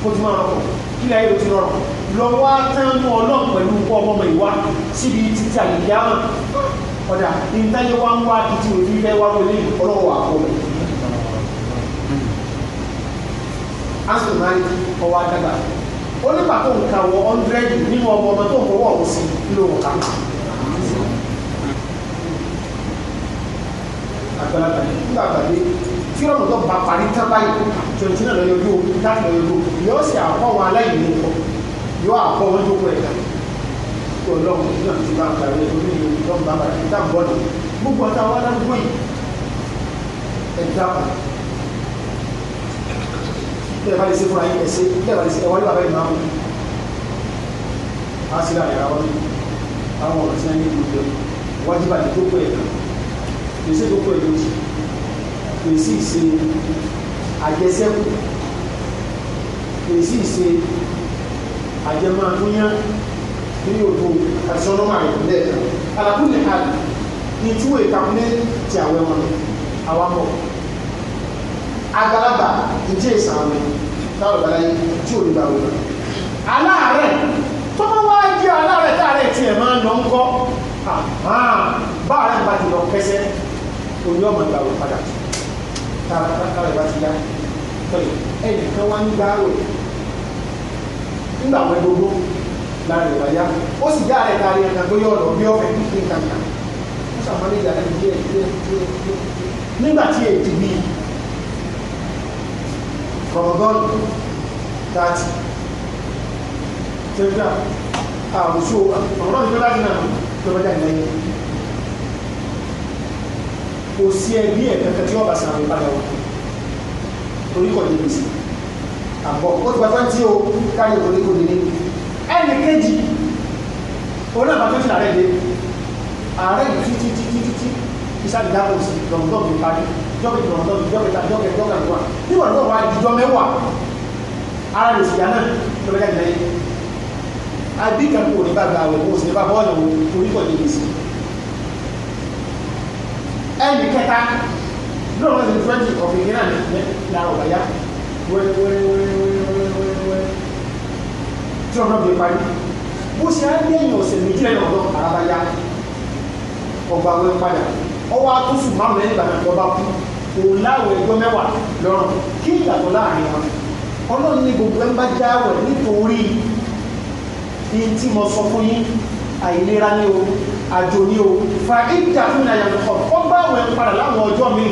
kó ti máa rọkọ̀ kí láyé ló ti rọrọ̀ lọ wá tán mú ọlọ́run pẹ̀lú kọ́ ọmọ ìwá síbi títí àlùyámà ọ̀dà ìtayé wá ń wá títí òbí fẹ́ wá wọlé ọlọ́wọ́ àkọ́ mi. asùn náà ọwọ́ adágbà ó ní pàtó nǹkan wọ 100 nínú ọmọ ọmọ tó ń fọwọ́ ọ̀hún sí nínú ọ̀kan àgbàlagbà nígbà àgbàdé tí ọ̀nà tó bá parí tán báyìí twenty nine lọ́yọ̀ yóò láti lọ́yọ̀ yóò yóò sì àkọ́ wọn aláìní kọ yóò àkọ́ wọn tó kọ ẹ̀dá ọlọ́run náà ti bá àgbàdo orí ìlú tó ń bá bàtà tá ń bọ́ọ̀lù gbogbo ọ̀tá wa ládùúgbò yìí ẹ̀dá pa bí ẹ bá lè ṣe fúnra yín ẹ̀ṣẹ́ bí ẹ bá lè ṣe ẹwà yóò abẹ́ ìmọ̀ àwọn àṣírí àyàrá wọn àwọn ọ̀rọ̀ tí wọ́n ní ìlú jẹ wájú bàtà tó kọ ẹ̀dá pèsè gbogbo èròjì pèsè ìṣe àjẹsẹ́kù pèsè ìṣe àjẹmọ́àdúnyá ní ògbó àti ọlọ́mà ìpínlẹ̀ alákùnrin àdì ní túwò ìkàkùnlé ti àwọn ẹ̀wọ̀n àwapọ̀ àgbàlagbà ìjẹ́ ìsàmì táwọn ìbáláyé tí ò ní bá wọn aláàárẹ̀ tó bá wá jẹ́ aláàárẹ̀ táàrẹ̀ tiẹ̀ máa ń lọ ń kọ́ báàrẹ̀ bá ti lọ kẹsẹ́ oní ọmọ ìgbà wò padà tá a rẹ̀ bá ti yá tọ́lẹ̀ ẹnì kan wá ń gbá wò nígbà wọn gbogbo láàrin ìgbà yá ó sì yá rẹ̀ kárí ẹ̀ka tó yọ ọ̀dọ̀ bí ọ̀fẹ́ ní kankan ó sàmọ́lé ìjà rẹ̀ díẹ̀ díẹ̀ díẹ̀ nígbà tí èdè bíi Ramadan that telegram àwùjọ Ramadan ìjọba jìnnà tó lọ́jà ìlẹ́yìn kò sí ẹbí ẹ̀ kankan tí wọ́n bá sàmì padà wọ̀ torí kò débi sí àbọ̀ ó ti pàtàkì tí o káyọ̀ kò ní kò débi ẹnì kejì òun náà bá tó ti ààrẹ dé ààrẹ yìí tí tí tí tí tí ìsáàdì dáhùn sí lọ́gbọ́n mi parí jọ́kẹ́ lọ́gbọ́n mi jọ́kẹ́ ta jọ́kẹ́ jọ́kẹ́ lọ́wọ́ níwọ̀n náà wá jíjọ́ mẹ́wàá ara lè sì yá náà lọ́gbẹ́ká ìlẹ́yìn àbí kan kò ní bá gba àwẹ̀ kò sì ní bá bọ́ọ̀lù torí kò débi sí i ẹnì kẹta lóòrùn ọ̀sẹ̀ twenty ọ̀fìn yìí náà nìyẹn lára ọ̀gá yá wẹ́wẹ́wẹ́wẹ́wẹ́wẹ́ tí ọ̀nà bí parí bó ṣe á lẹ́yìn ọ̀sẹ̀ méjì lẹ́yìn ọ̀dọ́ àràbá yá ọgbà wẹ́ padà ọwọ́ atúnṣù márùn lẹ́yìn ìgbàgbọ́ lọ́ba kú òun láwọ̀ ẹjọ́ mẹ́wàá lọ́rùn kí ìyàtọ̀ láàrin wọn ọlọ́run ní gbogbo ẹ̀ ń bá jáwẹ̀ nítorí ní tí mo sọ fún yín àìlera ní ooru àjò ní o fa ìjà fún àyà nìkọ ó bá àwọn ẹni padà láwọn ọjọ́ mi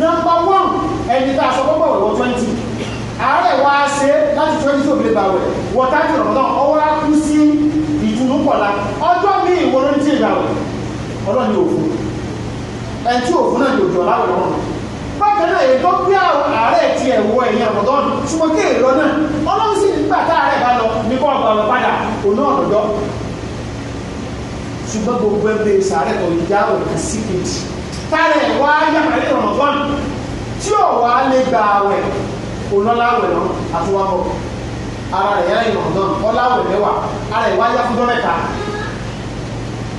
nọ́mbà wọn ẹni tá a sọ gbọ́gbọ́ wọ twenty ààrẹ wa ṣe láti twenty tó bèbà wẹ wọta ti rọ náà ọwọ́ á kú sí ìdùnnú pọ̀la ọjọ́ mi ìwọ ló ń tí ìgbà wẹ ọlọ́ni òfin ẹni tí òfin náà yóò jọ láwọn ọ̀rọ̀ bákan náà èyí gbé ààrẹ ti ẹ̀wọ̀ ẹ̀yìn àbọ̀dọ́nù ṣùgbọ́n kí èrò náà ọlọ́run sì nígbà tá ààrẹ bá lọ nígbà ọgbà ọ̀rọ̀ padà òun náà ṣùgbọ́n gbogbo ẹgbẹ́ sàárẹ̀ tó yá òkè sí kejì tààrẹ̀ wá yàrá ní rọ̀mọ̀gán tí ò wá lè gba àwẹ̀ ònàláwẹ̀ náà àfọwọ́bọ̀ ara rẹ̀ yára ìrọ̀mọ̀gán ọláwẹ̀ mẹ́wàá ara rẹ̀ wá yá fún dọ́mẹ́ta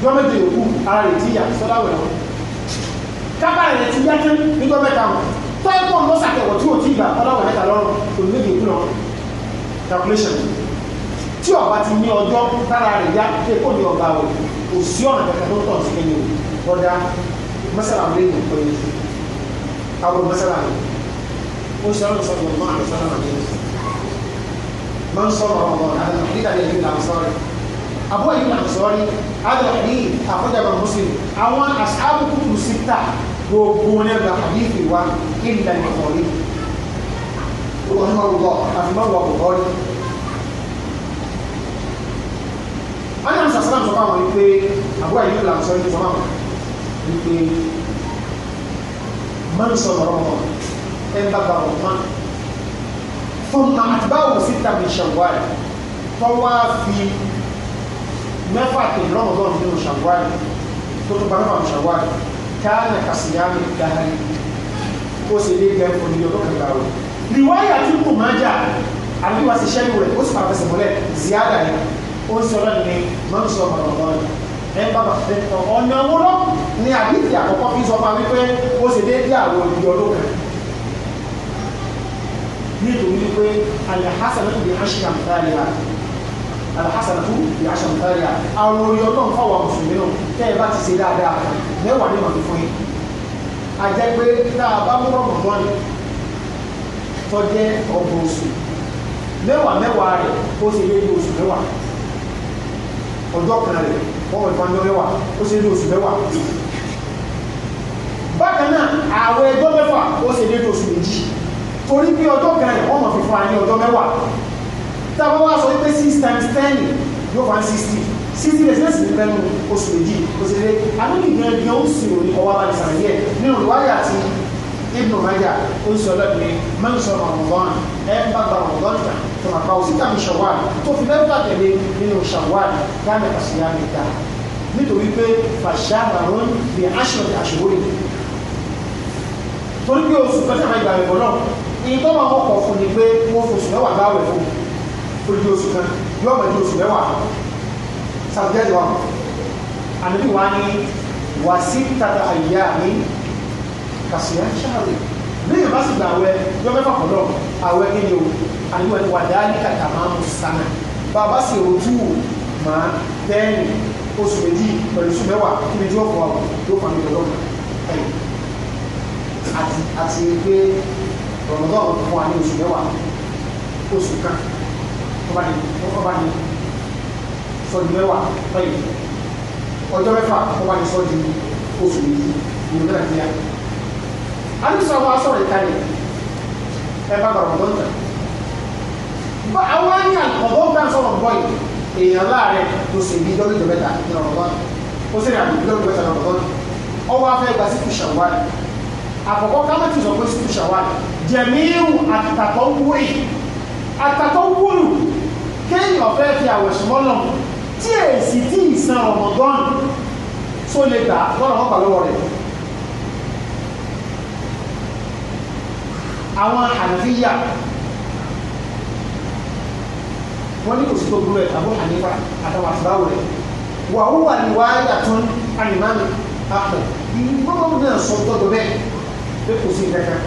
dọ́mẹ́ta yòókù ara rẹ̀ ti yà sọ́láwẹ̀ náà kábàá rẹ̀ ti yá tán ní dọ́mẹ́ta wọn tọ́ẹ̀pọ̀ ń lọ́sàkẹ̀wọ̀ tí ò tí ìgbà ọláwẹ̀ mẹ́ta lọ́rùn òmìnir calculation tí ọba ti ní ọjọ́ tára rẹ̀ yá pé kò ní ọba òkú kò sí ọ̀nà kankan tó tọ̀ sí kẹ́yìn o ọ̀dà mọ́sálà mi lè pè é àwọn mọ́sálà mi ó ṣe ọ̀nà sọ̀rọ̀ mọ́ àwọn sọ̀rọ̀ mi máa ń sọ̀rọ̀ ọ̀rọ̀ àdàlù nígbà tí èmi là ń sọ̀rọ̀ àbúrò yìí là ń sọ̀rọ̀ àdàlù ní àkọ́jàgbà mùsùlùmí àwọn àṣàbù kùtù síta gbogbo nígbà àdìfì wa ìlànà ọ̀rẹ́ olùwàhùn ọ̀rọ̀ àfìmọ́wọ̀ ọ̀rẹ́ wọ́n náà sàṣẹ́ náà sọ fáwọn wípé àbúrò àyè ìlànà sọ fún wọn wípé mọ́nì sọ ọ̀rọ̀ wọn ẹ ń bá ba wọn mọ́ fún àtibáwò sí tàbí ṣàwárì tó wá fi mẹ́fà tó lọ́wọ́ lọ́wọ́ nínú ṣàwárì tó tó parí màmú ṣàwárì káàna kàṣíyàmì dáhàrí ó sì lé gẹ́ fún ní ọdún kẹta rẹ̀ rìwáyà tí kò máa jà àbí wàá ṣiṣẹ́ rẹ̀ ó sì pàfẹsẹ̀ mọ́lẹ̀ ziyada yìí ó ń sọ̀rọ̀ ní máa ń sọ Ramadan ẹ bá bá fẹ́ tán ọ̀nà wúlọ́ ni àdìsí àkọ́kọ́ fi sọ fún wa wípé ó ṣe déédéé àwọn òbí ọdún kan nítorí pé alhasanatu bi ashri amthaliha alhasanatu bi ashri amthaliha àwọn orí ọdún fáwọn mùsùlùmí náà tẹ́ ẹ bá ti ṣe dáadáa mẹ́wàá ní màmí fún yín àjẹ́ pé tá a bá mú Ramadan tọ́jẹ́ ọgbọ̀n oṣù mẹ́wàá mẹ́wàá rẹ̀ ó ṣe déédéé oṣù mẹ́wàá ọjọ́ kan rẹ̀ wọ́n wọ̀ ìfọ̀njọ́ mẹ́wàá ó ṣe ní oṣù mẹ́wàá bákan náà àwẹ̀ ọjọ́ mẹ́fà ó ṣe ní oṣù méjì torí pé ọjọ́ kan rẹ̀ wọ́n mọ̀ fi ayé ọjọ́ mẹ́wàá táwọn wá sọ pé six times ten yóò fa sixty sixty days lẹ́sìn nípa ẹnu oṣù méjì ó ṣe lé àdúgbò ìgbìyànjú ìgbìyànjú ó sì ròyìn ọwọ́ abájú sàlàyé ẹ̀ nínú ìwádìí àti ibùdó májà ó ń sọ ọlọ́dún mẹ́rin كما قال ستة من شوال tó fi mẹ́fà tẹ̀lé nínú شوال كان كصيام الدهر nítorí pé فشهر بعشرة أشهر torí pé oṣù kẹta máa gbà rẹ̀ bọ̀ náà ìgbọ́ máa kọ́kọ́ fún ni pé wọ́n fún oṣù mẹ́wàá gbáwẹ̀ fún olùdí oṣù kan yóò mọ̀ ní oṣù mẹ́wàá sàbíyàjọ wa àdúgbò wa ní wàásí tata àyíyá mi kàṣíyá ṣáà rẹ̀ lẹ́yìn bá sì gbà àwẹ̀ yọ mẹ́fà pọ̀ náà àwẹ̀ kí ni o àyíwá ni wàdáàlì kàkà máa ń sànà bàbá sì rojú màá bẹ́ẹ̀ni oṣù méjì pẹ̀lú oṣù mẹ́wàá kí ni yóò fọ àwọn yóò fọ àwọn ọlọ́run ẹ̀yìn àti àti pé rọ̀mọ́dọ́n fún wa ní oṣù mẹ́wàá oṣù kan ọba ní ọba ní sọ́ọ̀dì mẹ́wàá ẹ̀yìn ọjọ́ mẹ́fà ọba ní sọ́ọ̀dì oṣù méjì ìlú nàìjíríà. a ní sọ wá sọ̀rọ̀ ìtàlẹ̀ ẹ bá bàrọ̀ mọ́tò náà àwọn ní àkọ́kọ́ gbà sọ̀rọ̀ bọ́ yìí èèyàn láàrẹ̀ tó ṣe bí lọ́dún tó mẹ́ta ní ọ̀rọ̀ bọ́ ó sì rìn àbò bí lọ́dún mẹ́ta ní ọ̀rọ̀ bọ́ ọwọ́ afẹ́ gba sí kùsà wà ní àkọ́kọ́ káwọn ti sọ pé sí kùsà wà ní jẹ̀míhù àtàtọ̀ wúrì àtàtọ̀ wúrù kéèyàn fẹ́ fi àwẹ̀sùmọ́ lọ tí èsì tí ìsan ọ̀mọ̀gán tó lè gbà lọ́nà ọ̀pá lọ́wọ́ rẹ̀ àwọn àlùfíyà wọ́n ní òsì tó burú ẹ̀ Abu Hanifa àtàwọn àtìláwò rẹ̀ wà ó wà ní wá yàtọ̀ ànìmáàmì àpọ̀ ìgbọ́mọ̀ náà sọ tọ́tọ̀ bẹ́ẹ̀ pé kò sí kankan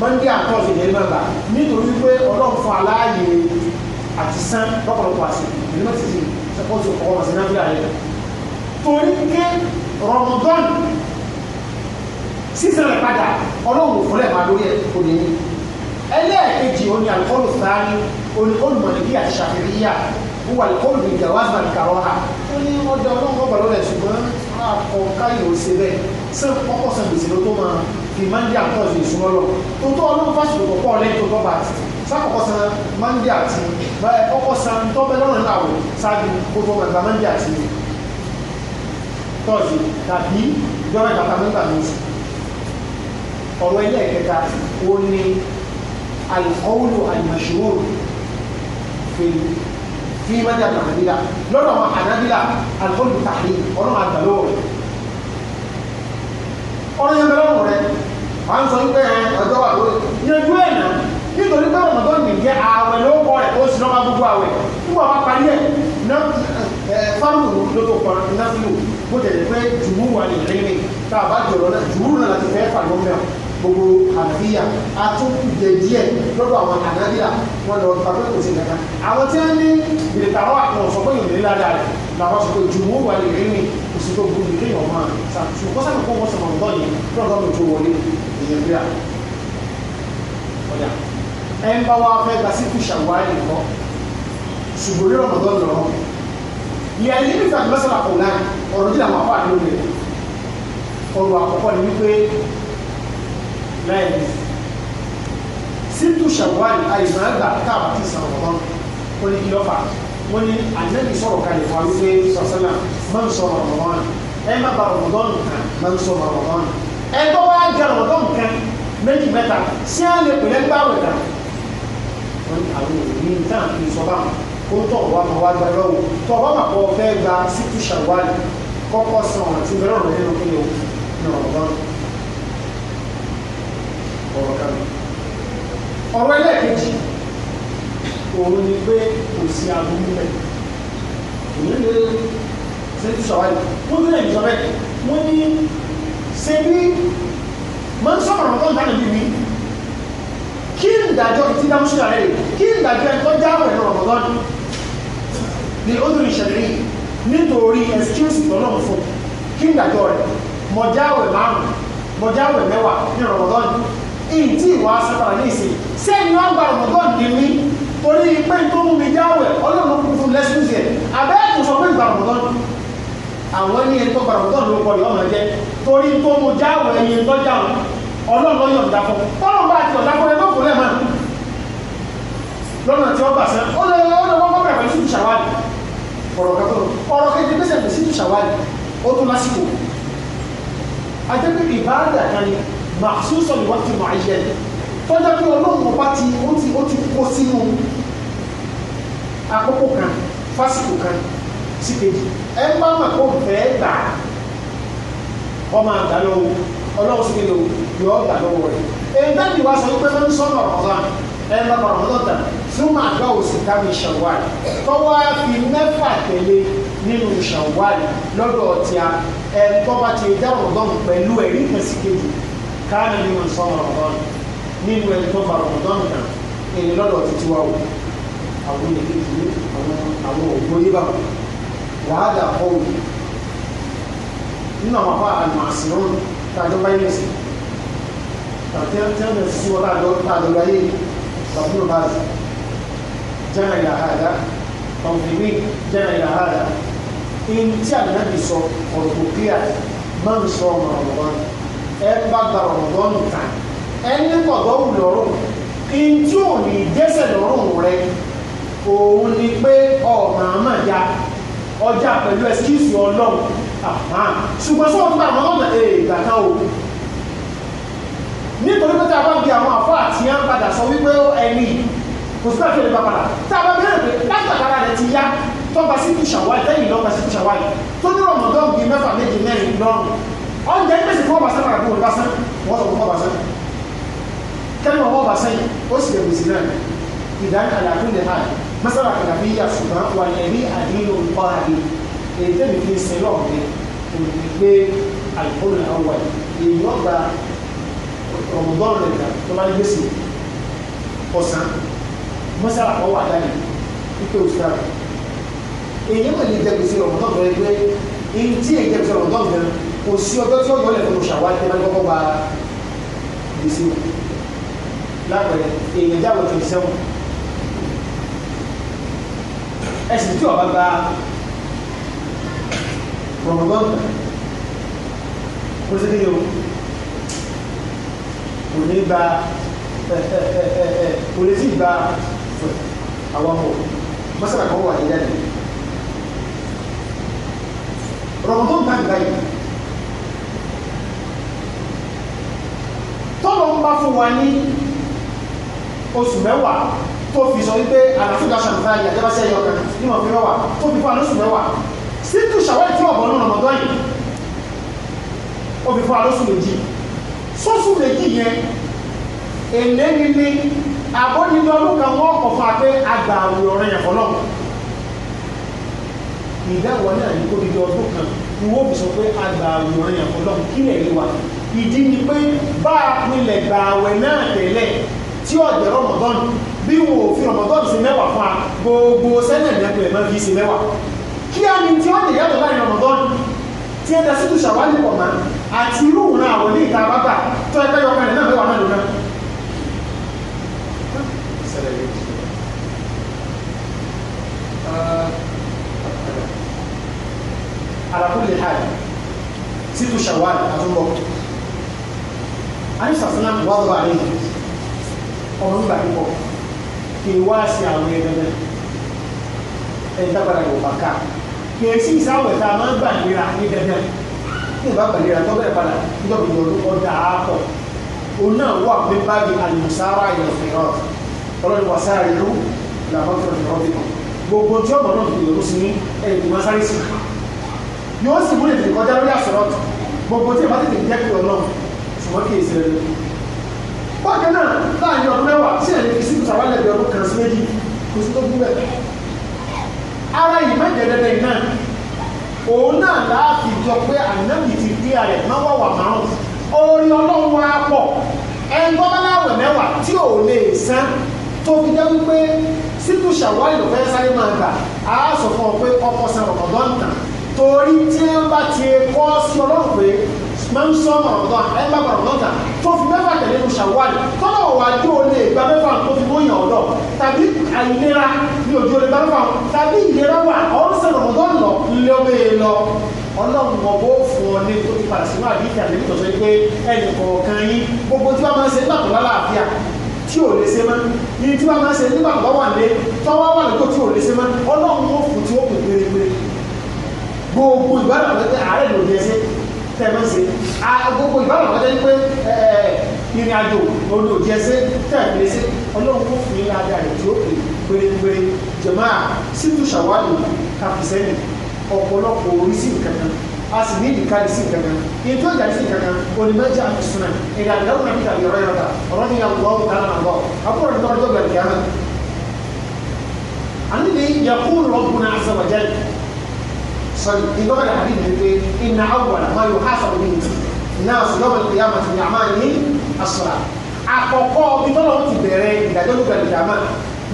mọ́ndé àtọ́sí ní ẹ̀mọ́ bá nítorí pé ọlọ́run fún aláàyè àti sán lọ́pọ̀lọpọ̀ àti ìrìnà ti sẹ́kọ̀ọ́sì ọkọ̀ ọmọ sí náà fúlẹ̀ ayẹyẹ torí pé Ramadan sísan rẹ̀ padà ọlọ́run fúnlẹ̀ máa lórí ẹ̀ kò ní ẹlẹ́ẹ̀kejì ó ní àlùkọ́lù sáà ní olùmọ̀lẹ́bí àti ṣàfihàn wà lóòlù ìjàwáàzù àdìkàrọ̀ ha ó ní ọjà ọlọ́run ọgbà lọ́rẹ̀ ṣùgbọ́n akọ káyọ̀ ó ṣe bẹ́ẹ̀ ṣé pọ́pọ́ san gbèsè ló tó máa fi máńdé àtọ́jú ìṣúná lọ tó tó ọlọ́run fásitì tó pọ̀ lẹ́yìn tó tọ́ bá ti sákọ̀kọ́ san máńdé àti ọkọ̀ san tọ́bẹ̀ lọ́rùn náà wò ṣáájú kó tó máa gba máńdé àti tọ́jú tàbí ìjọba ìbàtà mẹ́ta méjì ọ̀rọ̀ ilé ẹ̀kẹta ó ní alùpùpù àlùmọ̀ṣòwò fèrè tí mẹ́ta àtàkàdílà lọ́dọ̀ àwọn àdábílà alukóòlù tàkì ọlọ́run àgbàlówó ọ̀rọ̀ yẹn bẹ́ẹ̀ lọ́wọ́ rẹ à ń sọ wípé ọjọ́ wà lórí yanjú ẹ̀ náà nítorí pé ọmọ tó nì jẹ́ ààwẹ̀ ló kọ́ rẹ̀ ó sì lọ́ máa gbogbo ààwẹ̀ nígbà wá parí ẹ̀ fáwọn ló tó pọn náfìlò bó tẹ̀lé pé jùmú wà ní ìrẹ́lẹ̀ tá a bá jọ̀rọ̀ náà jùmú náà láti fẹ́ fà lọ́mọ́ gbogbo àbíyà atúnkùjẹ díẹ̀ lọ́dọ̀ àwọn ànábíà wọn lọ nípa pé kò sí nǹkan àwọn tí wọn ní ìrètàwọ àpọn sọ pé ìrìn ládà rẹ làwọn sọ pé jùmọ̀ wà lè rí mi kò sí tó burú nílé ìwọ̀n máa sà ṣùgbọ́n sábà kó wọ́n sọ wọn lọ́yìn lọ́dọ̀ mi tó wọlé ìyẹn bí ẹ ń bá wa fẹ́ gba sí kùsàwá ẹ̀kọ́ ṣùgbọ́n ní ọ̀mọ̀dọ́ lọ́rọ́ ìyá ilé nígbà tó lọ́sọ̀rọ̀ àpò náà ọ̀rọ̀ jìnnà máa fà lórí rẹ̀ ọ̀rọ̀ àkọ́kọ́ ni wípé lẹ́yìn sínú ṣàwárí àìsàn àgbà táàbà ti sàn ọ̀rọ̀ ó ní kí lọ́fà wọ́n ní ànábì sọ̀rọ̀ kalẹ̀ fún àwíwé sọ̀sánà máa ń sọ Ramadan ẹ má ba Ramadan kan máa ń sọ Ramadan ẹ tó wá jẹ Ramadan kan méjì mẹ́ta sí à lè pèlè gbáwẹ̀ dà wọ́n ní àwọn òní náà fi sọ bá ó tọ̀ wá máa wá gba lọ́wọ́ tọ̀ wá máa kọ́ fẹ́ gba sínú ṣàwárí kọ́kọ́ sàn ọ̀nà bẹ́rẹ̀ ọ̀rọ̀ nínú kí ọ̀rọ̀ kan ọ̀rọ̀ ẹlẹ́ẹ̀kejì òun ni pé kò sí aburú rẹ̀ òun lè ṣètò sọ̀rọ̀ yìí wọ́n tún lè sọ̀rọ̀ yìí wọ́n ní ṣe bí máa ń sọ̀rọ̀ ọ̀tọ̀ ìdáná bí mi kí ìdájọ́ ti dá mọ́ṣúlá rẹ̀ kí já ẹ̀kọ́ jáwọ̀ ẹ̀rọ ọ̀gọ́dún ni ó dùn ìṣẹ̀lẹ̀ yìí nítorí ẹ̀sìkíùsì tó náà fún kí ìdájọ́ rẹ̀ mọ̀jáwẹ̀ márùn-ún mọ̀jáwẹ̀ ní ọ̀rọ̀ ọ̀gọ́dún ìtì ìwà asábàrà ní ìsìn sẹ́yìn wọn gba ọ̀gbọ̀n ní mí orí pé tó mú mi jáwẹ̀ ọlọ́run kún fún lẹ́sìkúsì ẹ̀ abẹ́ẹ̀kù sọ pé ìgbà ọ̀gbọ̀n àwọn ní ẹni tó gba ọ̀gbọ̀n ló kọ̀ lọ́mọ jẹ́ torí tó mú jáwẹ̀ ẹni tó jáwẹ̀ ọlọ́run yọ̀ǹda fún ọlọ́run bá ti ọ̀dà fún ẹ lọ́kùn lẹ́ẹ̀ máa lọ́nà tí ó gbàsán ọlọ́run ọlọ́run wọ́n bẹ̀rẹ̀ sí ìṣàwádìí ọ̀rọ̀ kan tó ọ̀rọ̀ kejì pèsè pèsè ìṣàwádìí ó tún lásìkò àjẹpẹ́ ìbáradà kan ni màṣúsọ ni wọ́n ti mọ̀ ayé ẹ̀ tọ́jà pé ọlọ́run ọba ti ó ti ó ti kó sínú àkókò kan fásitì kan sí kejì ẹ bá mà kó fẹ́ gbà ọmọ àgbà lọ́wọ́ ọlọ́run sì kéde yọ ọgbà lọ́wọ́ rẹ̀ ẹ̀ bá ti wá sọ pé fẹ́ ń sọ̀rọ̀ ọ̀sán ẹ bá bàrọ̀ ọlọ́ta súnmọ́ àgbà òsì kámi ṣàwárì tọ́wọ́ fi mẹ́fà tẹ̀lé nínú ṣàwárì lọ́dọ̀ ọ̀tíà ẹ̀ tọ́ bá ti dárò ọ̀dọ́mù pẹ̀lú ẹ̀rí kẹsíkejì káàdì ní wọn sọ Ramadan nínú ẹni tó bá Ramadan náà èyí lọ́dọ̀ títí wà wò àwọn èkéjì àwọn àwọn ògbó yíbà wàhálà kọ́wù nínú àwọn afọ àlùmọ̀ àsìrún tàjọ báyìí lẹ́sìn tàbí tí wọ́n ti wọ́n tàjọ tàjọ láyé bàbúrò báyìí jẹ́nà ìlà àdá ọ̀gbìnmí jẹ́nà ìlà àdá èyí ẹ ń bá gba rọ̀mọ̀dọ́nù ta ẹ ní kọ̀dọ́wù lọ́rùn kí n tí ò ní jẹ́sẹ̀ lọ́rùn rẹ òun ni pé ọ̀nà àmàjá ọjà pẹ̀lú ẹsikíìsì ọlọ́run ṣùgbọ́n sọ́wọ́n gba àwọn ọ̀nà èègbà kan o nítorí pé tá a bá bí àwọn àfọ àti yá ń padà sọ wípé ẹni kò sí àfihàn ìgbà padà tá a bá bí ẹ̀rẹ̀ pé látàkàrà rẹ ti yá tọ́ba sí tùṣàwáì lẹ́yìn lọ́ba sí tùṣàwáì tó ní rọ̀mọ̀dọ́ọ̀gì mẹ́fà méjì mẹ́rin lọ́rùn ọ̀njẹ́ gbèsè fún ọ̀bàṣán àbí ọ̀bàṣán wọ́n sọ fún ọ̀bàṣán kẹ́nu ọ̀wọ́ ọ̀bàṣán yìí ó sì lè gbèsè náà ìdáná àlàkù lè hàn mẹ́sàlá kàdà bí yà ṣùgbọ́n wà lẹ́rí àdínlò nǹkan àdé èyí tẹ́lẹ̀ fi ṣe lọ́ọ̀dẹ olùgbé àlùkòrò náà wà èyí wọ́n gba ọ̀mọ̀gbọ́n rẹ̀ kà tó máa ń gbèsè ọ̀sán mẹ́sàlá kọ́ wà dání wípé òṣìṣẹ́ rẹ̀ èyí wọ́n lè jẹ́ gbèsè ọ̀mọ̀gbọ́n kò sí ọjọ́ tí ọ̀yọ́ lẹ̀ fún ṣàwá tí wọ́n kọ́kọ́ gba gbèsè lápẹ̀rẹ̀ èèyàn jáwọ̀ twenty seven ẹ̀sìn tí ọba gba rọ̀mọ̀gbọ́n kó sí por o kò ní gba kò lè sí gba àwọn ọmọ mọ́sálà kan wà ní jáde rọ̀mọ̀gbọ́n gbàgbà tọ́lọ̀ ń bá fún wa ní oṣù mẹ́wàá tó fi sọ wípé àlàfo ìdáṣà nìfà yìí àjẹbáṣẹ yìí ọkàn ní mọ̀ fi mẹ́wàá tó fi fún alóṣù mẹ́wàá sítú ṣàwárí tí ọ̀bọ̀n náà mọ̀dọ́ yìí ó fi fún alóṣù méjì sóṣù méjì yẹn èlé ni ní abọ́nidọ́lù kan wọ́n kọ̀ fún apẹ́ àgbà àwòrán ọ̀rẹ́ yẹn fọlọ́ ìdáwọ̀ náà ní kó di ọdún kan ni wọ́n fi sọ pé àgbà àwòrán yẹn fọlọ́ kílẹ̀ yìí wà ìdí ni pé bá a pinlẹ̀ gbà àwẹ̀ náà tẹ̀lẹ̀ tí ọ̀jẹ̀ rọmọdọ́n bí wò ó fi rọmọdọ́n sí mẹ́wàá fún wa gbogbo sẹ́lẹ̀ ní ẹgbẹ̀rẹ̀ máa fi ṣe mẹ́wàá kí á ní tí wọ́n lè yàtọ̀ láì rọmọdọ́n tí ẹ dasí tó ṣàwálì pọ̀ mọ́ àti irú òun àwọn ilé ìta bàbà tó ẹgbẹ́ yọkàn náà mẹ́wàá náà lò náà ẹ̀ńtàpadà yóò bá ká kèésì ìsáwọ̀ tá a máa ń gbà nira ní dandan ní ìbá gbàlera tó bẹ̀rẹ̀ padà nítorí ìyọ̀dún ọjà àápọ̀ òun náà wà pé báyìí àlùsára ìyọ̀fẹ̀rọ̀ ọlọ́run wà sára ìlú làwọn fẹ̀rẹ̀ fẹ̀rọ̀ bí kan gbogbo tí ọmọ náà fi yòrò sí ní ẹ̀yìn ìgbìmọ̀ sáré sí yóò sì múlẹ̀ tètè kọjá lórí àsọ̀rọ̀ gbogbo tí ìbá tètè jẹ́ pé ọlọ́run ṣùgbọ́n kì í ṣe rẹ̀ bákan náà láàrin ọdún mẹ́wàá sí ẹ̀yìn fi sí ìtàwálẹ̀ bí ọdún kan sí méjì kò sí tó gbúgbẹ̀ ara yìí má jẹ́ dandan iná òun náà láàfin jọ pé ànábì ti dí ààrẹ máwàwà márùn orí ọlọ́run wa pọ̀ ẹgbọ́n aláwẹ̀ mẹ́wàá tí ò lè san tó fi jẹ́ wípé sítú ṣàwárí ló fẹ́ sáré máa gbà á sọ fún ọ pé ọkọ̀ san ọ̀kọ̀ dọ́ǹtà torí tí wọ́n bá ti kọ́ sí ọlọ́run pé máa ń sọ ọmọ ọ̀dọ́ ẹ má gbà ọ̀dọ́ ta tó fi mẹ́fà tẹ̀lé nu ṣàwálì tọ́lọ̀ wà jó o lè gba mẹ́fà tó fi mọ́yàn ọ̀dọ́ tàbí àìlera ní ojú olè gbàmẹ́fà tàbí ìlera wà ọ̀rọ̀sẹ̀ ọ̀dọ́ lọ lé ọmọ yẹn lọ ọlọ́run ọ̀bọ fún ọ ní tó ti padà sínú àdìsí àdìsí tó sọ pé ẹnì kọ̀ọ̀kan yín gbogbo tí wọ́n máa ń ṣe nígbà tó lálàáfíà tí ò lè ṣe mọ́ ní tí wọ́n máa ń ṣe nígbà tó wà lé tọ́wọ́ wà lóko tí ò lè ṣe mọ́ ọlọ́run ó fún tí ó kù pérépéré gbogbo ìgbàlódé ààrẹ lòdì ẹsẹ̀ tẹ̀mọ́ sí gbogbo ìbámu àwọn tẹ́lẹ̀ pé ìrìn àjò odò díẹ̀ sí tẹ̀lé sí ọlọ́run kò fún ilé adé àrè tí ó pè pérépéré jẹ̀mọ́ à sítú ṣàwádìí kàfìsẹ́nì ọ̀pọ̀lọpọ̀ orí sí nǹkan kan a sì ní ìdíkàlì sí nǹkan kan ètò ìdàrí sí nǹkan kan onímọ̀já àfisùnà ìrìn àjò náà níta ìrọ̀ ìrọ̀ta ọ̀rọ̀ ni àwọn ọ̀hún kan náà bọ̀ àbúrò ní ọjọ́ bẹ̀rẹ̀ kí á náà. àníbi yakúrò ọkùnrin àṣà sorry ìgbọ́n rẹ̀ àbí ìdílé pé iná awwala máa yóò há sọ̀rọ̀ yìí náà sọ̀rọ̀ wọn kìí àmà tìyà máa ní àsọ̀rà àkọ́kọ́ bí tọ́lọ́ ti bẹ̀rẹ̀ ìdájọ́ tó gbẹ̀rẹ̀ ìdàmà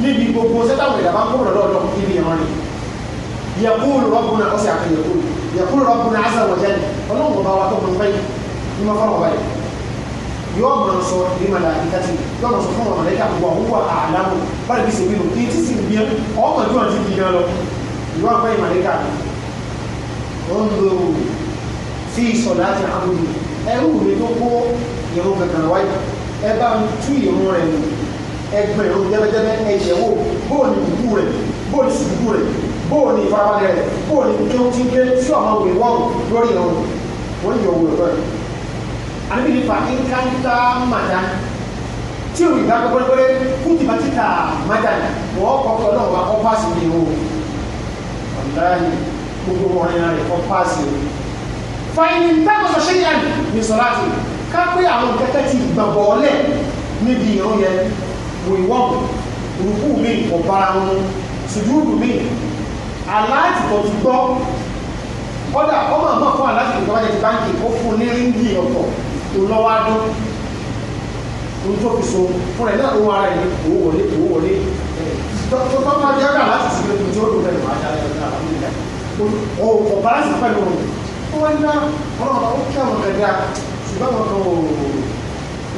níbi gbogbo sẹ́tàwọn ìdàmà kúrò lọ́dọ̀ ibi ìran rẹ̀ يقول ربنا أسع يقول يقول ربنا عز وجل ọlọ́run ọba wa tó mọ báyìí ní ma fọ́nà báyìí yóò mọ sọ ní màláìkàtì yóò mọ sọ fún ọmọ انظروا في صلاة عبد ẹrú mi tó kó ìrún kankan wáyé ẹ bá ń tú ìrún rẹ̀ nù ẹgbẹ́ ìrún jẹ́bẹ́jẹ́bẹ́ ẹ̀jẹ̀ wò bóò ní ìdúkú rẹ̀ bóò ní sùdúkú rẹ̀ bóò ní ìfarabalẹ̀ rẹ̀ bóò ní kí wọ́n ti gbé sí ọmọ òwe wọ́n lórí ìrún wọ́n yọ òwe rẹ̀. àbí nípa kíkáńtà màdá tí òun ìgbà tó pẹ́rẹ́pẹ́rẹ́ kú tìmá títà màdá wọ́n kọ́kọ́ náà wà kọ́ gbogbo ọ̀rìnà rẹ̀ fọ́ páàsì rẹ̀ fàyínì tábọ̀sọ̀ ṣe yàn ní sọ̀láàtì ká pé àwọn kẹ́kẹ́ ti gbàgbọ́ ọlẹ̀ níbi ìran yẹn wíwọ́n rúkú mi kò bára wọn sùdúrù mi aláàtì tó ti gbọ́ kọ́dà ọmọ àmọ́ fún aláàtì tó bá jẹ ti báńkì ó fún ní ríngì ọ̀pọ̀ tó lọ́wọ́ adún ohun tó fi so fún ẹ̀ náà ohun ara ẹ̀ owó wọlé owó wọlé tó bá jẹ́ ọ̀dà láti sílẹ̀ tó tí ó lò lẹ́nu àjálẹ̀ ọ̀dà àwọn ìlànà ọ̀pọ̀ balance pẹ̀lú rẹ̀ ó wá ná ọlọ́run ó kí àwọn kẹ̀dá ṣùgbọ́n àwọn kan ò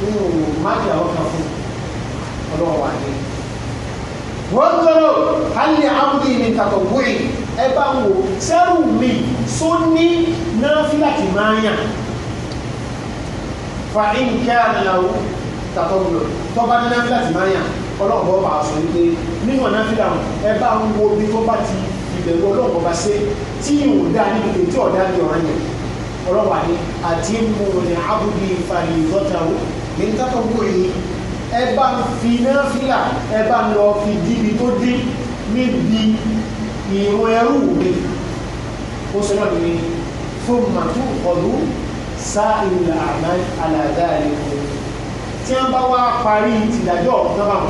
ní ò máàkì àwọn kan fún ọlọ́run wà ní. wọ́n tọrọ alẹ́ abúlé mi tàbọ̀ wúrì ẹ bá ń wò sẹ́rù mi só ní náfìlà tì máa yàn fa ìnkẹ́ àdìyàwó tàbọ̀ wúrò tọ́ba ní náfìlà tì máa yàn ọlọ́run bọ́ bá a sọ wípé nínú náfìlà ẹ bá ń wo bí tó bá ti ìbẹ̀rù ọlọ́run bá ṣe tí yóò dá níbi tètè ọ̀dá ní ọ̀ràn yẹn ọlọ́wà ni àti mú ní abúlé ìfàlẹ̀ ìdọ́tàwó ní kákàwó yìí ẹ bá ń fi náà fìlà ẹ bá ń lọ fi díbi tó dé níbi ìrún ẹrú mi ó sọ náà ní fún màtú ọdún sá ìlà àmà àlàdá ẹ̀kọ́ tí wọ́n bá wá parí ìtìdájọ́ ọ̀gá wọn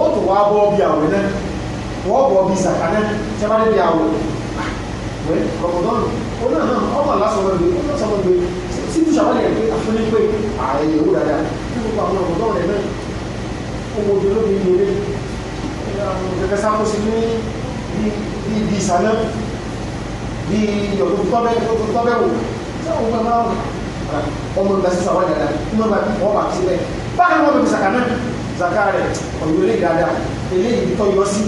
ó tó wá bọ́ bí àwẹ̀ náà wọ́n bọ̀ bí sàkánẹ́ tí a bá dé bí àwọ̀ wẹ́ rọ̀mọ̀dọ́n ó náà náà ọmọ lásọmọdé ó náà sọmọdé sí ti sàwálẹ̀ pé àfúnni pé ààrẹ yòówù dáadáa ní gbogbo àwọn rọ̀mọ̀dọ́n rẹ̀ náà owó ojú lóbi ní ilé kẹkẹ sáfóso ní bí ibi ìsàlẹ̀ bí ọ̀dọ́ tọ́bẹ̀wò sáwọn ọmọ ọmọ ìgbà sí sàwálẹ̀ dáadáa ní wọ́n bá kí bẹ́ẹ̀ báyìí wọ́n bẹ̀ sàkánẹ́ sàkárẹ̀ ọ̀yọ́ ilé dáadáa eléyìí tọ́yọ́ sí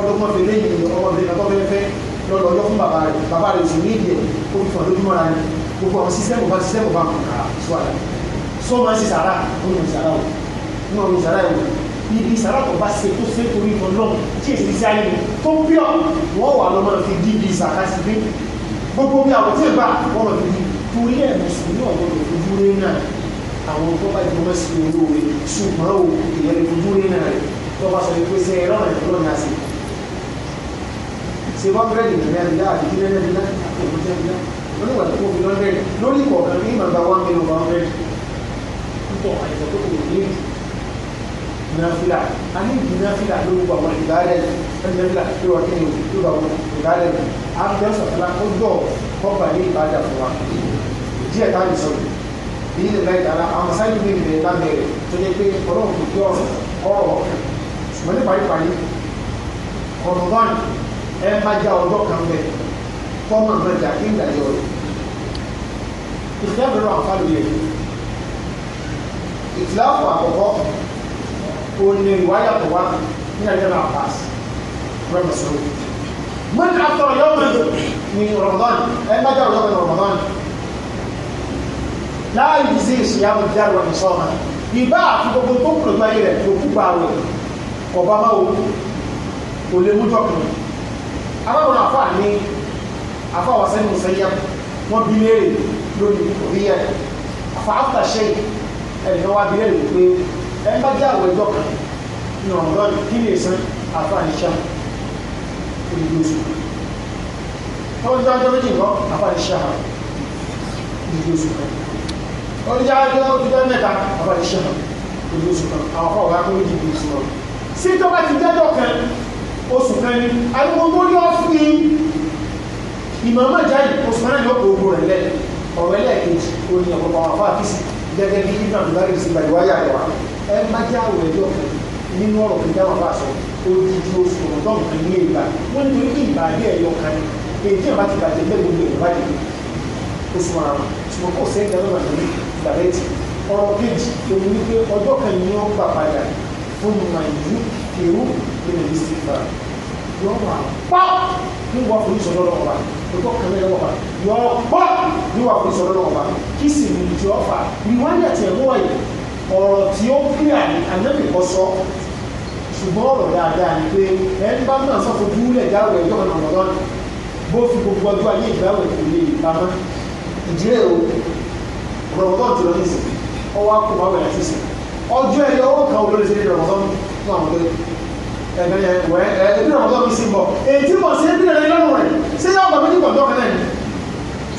ọdọ́gbọ́n fèrè yìí ọmọbìnrin kan tó fẹ́ fẹ́ lọ́lọ́ ọjọ́ fún bàbá rẹ̀ bàbá rẹ̀ sì ní ìdí ẹ̀ kó fi fọ̀ lójúmọ́ ra ni gbogbo àwọn sísẹ́mù bá sísẹ́mù bá kàn ká sọ àlà sọ ma ṣe sàrà ó nà sàrà o nà ọ̀nà sàrà o níbi sàrà tó bá ṣe tó ṣe torí kan náà tí èsì sí ayé tó ń píọ̀ wọ́n wà lọ́ máa fi dí ibi ìsàkà sí pé gbogbo bí àwọn tí ì bá wọ́n máa fi dí torí ẹ̀ mùsùlùmí ọ̀gbọ́n ló fojú rí náà àwọn tó bá jọmọ́ sí olóore ṣùgbọ́n o ìyẹn ló fojú rí náà tó bá sọ pé sẹ́yìn lọ́nà ìlú náà sí ṣe wọ́n bẹ̀rẹ̀ ní ẹ̀rí yá àti kí lẹ́lẹ́bí náà òkú jẹ́ bí náà wọ́n nígbà tó fi lọ́n bẹ̀rẹ̀ lórí kọ̀ọ̀kan ní ìmọ̀gbà wọn bẹ̀rẹ̀ wọn bẹ̀rẹ̀ púpọ̀ àìsàn tó kò ní nàfìlà a ní ìdí nàfìlà ló gbogbo àwọn ìbáraẹ̀ ẹni nàfìlà tó wà kíni tó gbà wọn ìbáraẹ̀ a bẹ sọ̀tàlá ó dọ̀ kọ́ba ní ìbáraẹ̀ fún wa díẹ̀ táyì sọ̀rọ̀ èyí lè láì dára àwọn sáyẹn mi bẹ̀rẹ̀ lábẹ́rẹ̀ tó yẹ pé ọlọ́run kò gbé ọ̀rọ̀ ọ̀rọ̀ ṣùgbọ́n ní paríparí ọ̀rọ̀ báyìí ẹ má já ọjọ́ kan bẹ̀ kọ́mọ̀ má já kí n dàjọ́ rẹ̀ ìfẹ́bẹ̀rẹ̀ àǹfààní yẹn ìtìláfù àkọ́kọ́ òní ìwáyà tó wá ní ẹ̀jẹ̀ náà pass rẹ̀ sọ̀rọ̀ mọ́n àtọ̀rọ̀ yọ̀ mọ́ ní Ramadan ẹ má já ọjọ́ kan ní Ramadan láàyè ìdíje ìṣìyàwó díẹ̀ rẹ̀ sọ̀rọ̀ ìbá àti gbogbo tó kùnà tó ayé rẹ̀ tó kú pa àwẹ̀ ọ̀bá máa wò ó lè mú jọkùnrin aláwọn afa ní afa wà sẹ́ni musayyab wọ́n bí léèrè lórí òbíyẹ afa after shay ẹ̀rì náà wá bí léèrè pé ẹ ń bá jẹ́ àwọn ẹjọ́ kan ní ọ̀rọ̀ kí ni èsán afa ní sàm olùdó oṣù tọ́wọ́n jẹ́ ọjọ́ méjì lọ afa ní sàm olùdó oṣù kan wọ́n jẹ́ ọjọ́ ọjọ́ mẹ́ta afa ní sàm olùdó oṣù kan àwọn afọ ọ̀gá kó méjì ló oṣù lọ sí tọ́ba ti jẹ́jọ́ kan oṣù kan ní agbogbo ní ọ́fí ìmọ̀ọ́mọ̀ jáde oṣù kan náà ní ọ̀pọ̀ ogun rẹ̀ lẹ́ ọ̀rọ̀ ẹlẹ́ẹ̀kejì ó ní ọ̀pọ̀ àwọn afá àfíìsì gẹ́gẹ́ bí ibrahim abdullahi ṣe gbàgbé wáyà rẹ̀ wá ẹ má já àwọ̀ ẹjọ́ nínú ọ̀rọ̀ tó dáwọn bá sọ odidi oṣù ọ̀dọ́n kan ní ìgbà wọ́n ní torí ìgbà bí ẹ̀yọ kan ní èyí tí àbájá bàjẹ́ bẹ́ẹ̀ gbogbo ẹ̀ bàjẹ́ oṣù àrùn ṣùgbọ́n kò sẹ́yìn dáná màdùn ní ìgbà bẹ́ẹ̀ ti ó ثم يكثر من الاستغفار yọ wà pọ níwà fún ìsọdọ náà wà lọtọ kẹlẹ náà wà yọ pọ níwà fún ìsọdọ náà wà kí sì ní ìjọ fà ìwádìí àti ẹ̀wọ́ yìí ọ̀rọ̀ tí ó kí àní ànábìkọ sọ ṣùgbọ́n ọ̀rọ̀ dáadáa ni pé ẹ ń bá náà sọ fún búlẹ̀ dáwọ̀ ẹ̀ ọjọ́ ẹ̀yọ ọwọ́ kan olórí sí ìrọ̀rọ̀ sọ́nù fún àwọn tó ẹ̀bẹ̀ yẹn wẹ́ ẹ̀ẹ́dì náà ọjọ́ mi sì ń bọ̀ èyí tí mo ṣe ń bílẹ̀ lẹ́yìn lọ́rùn rẹ̀ ṣé yá ọgbà méjì pọ̀jọ́ kan náà ni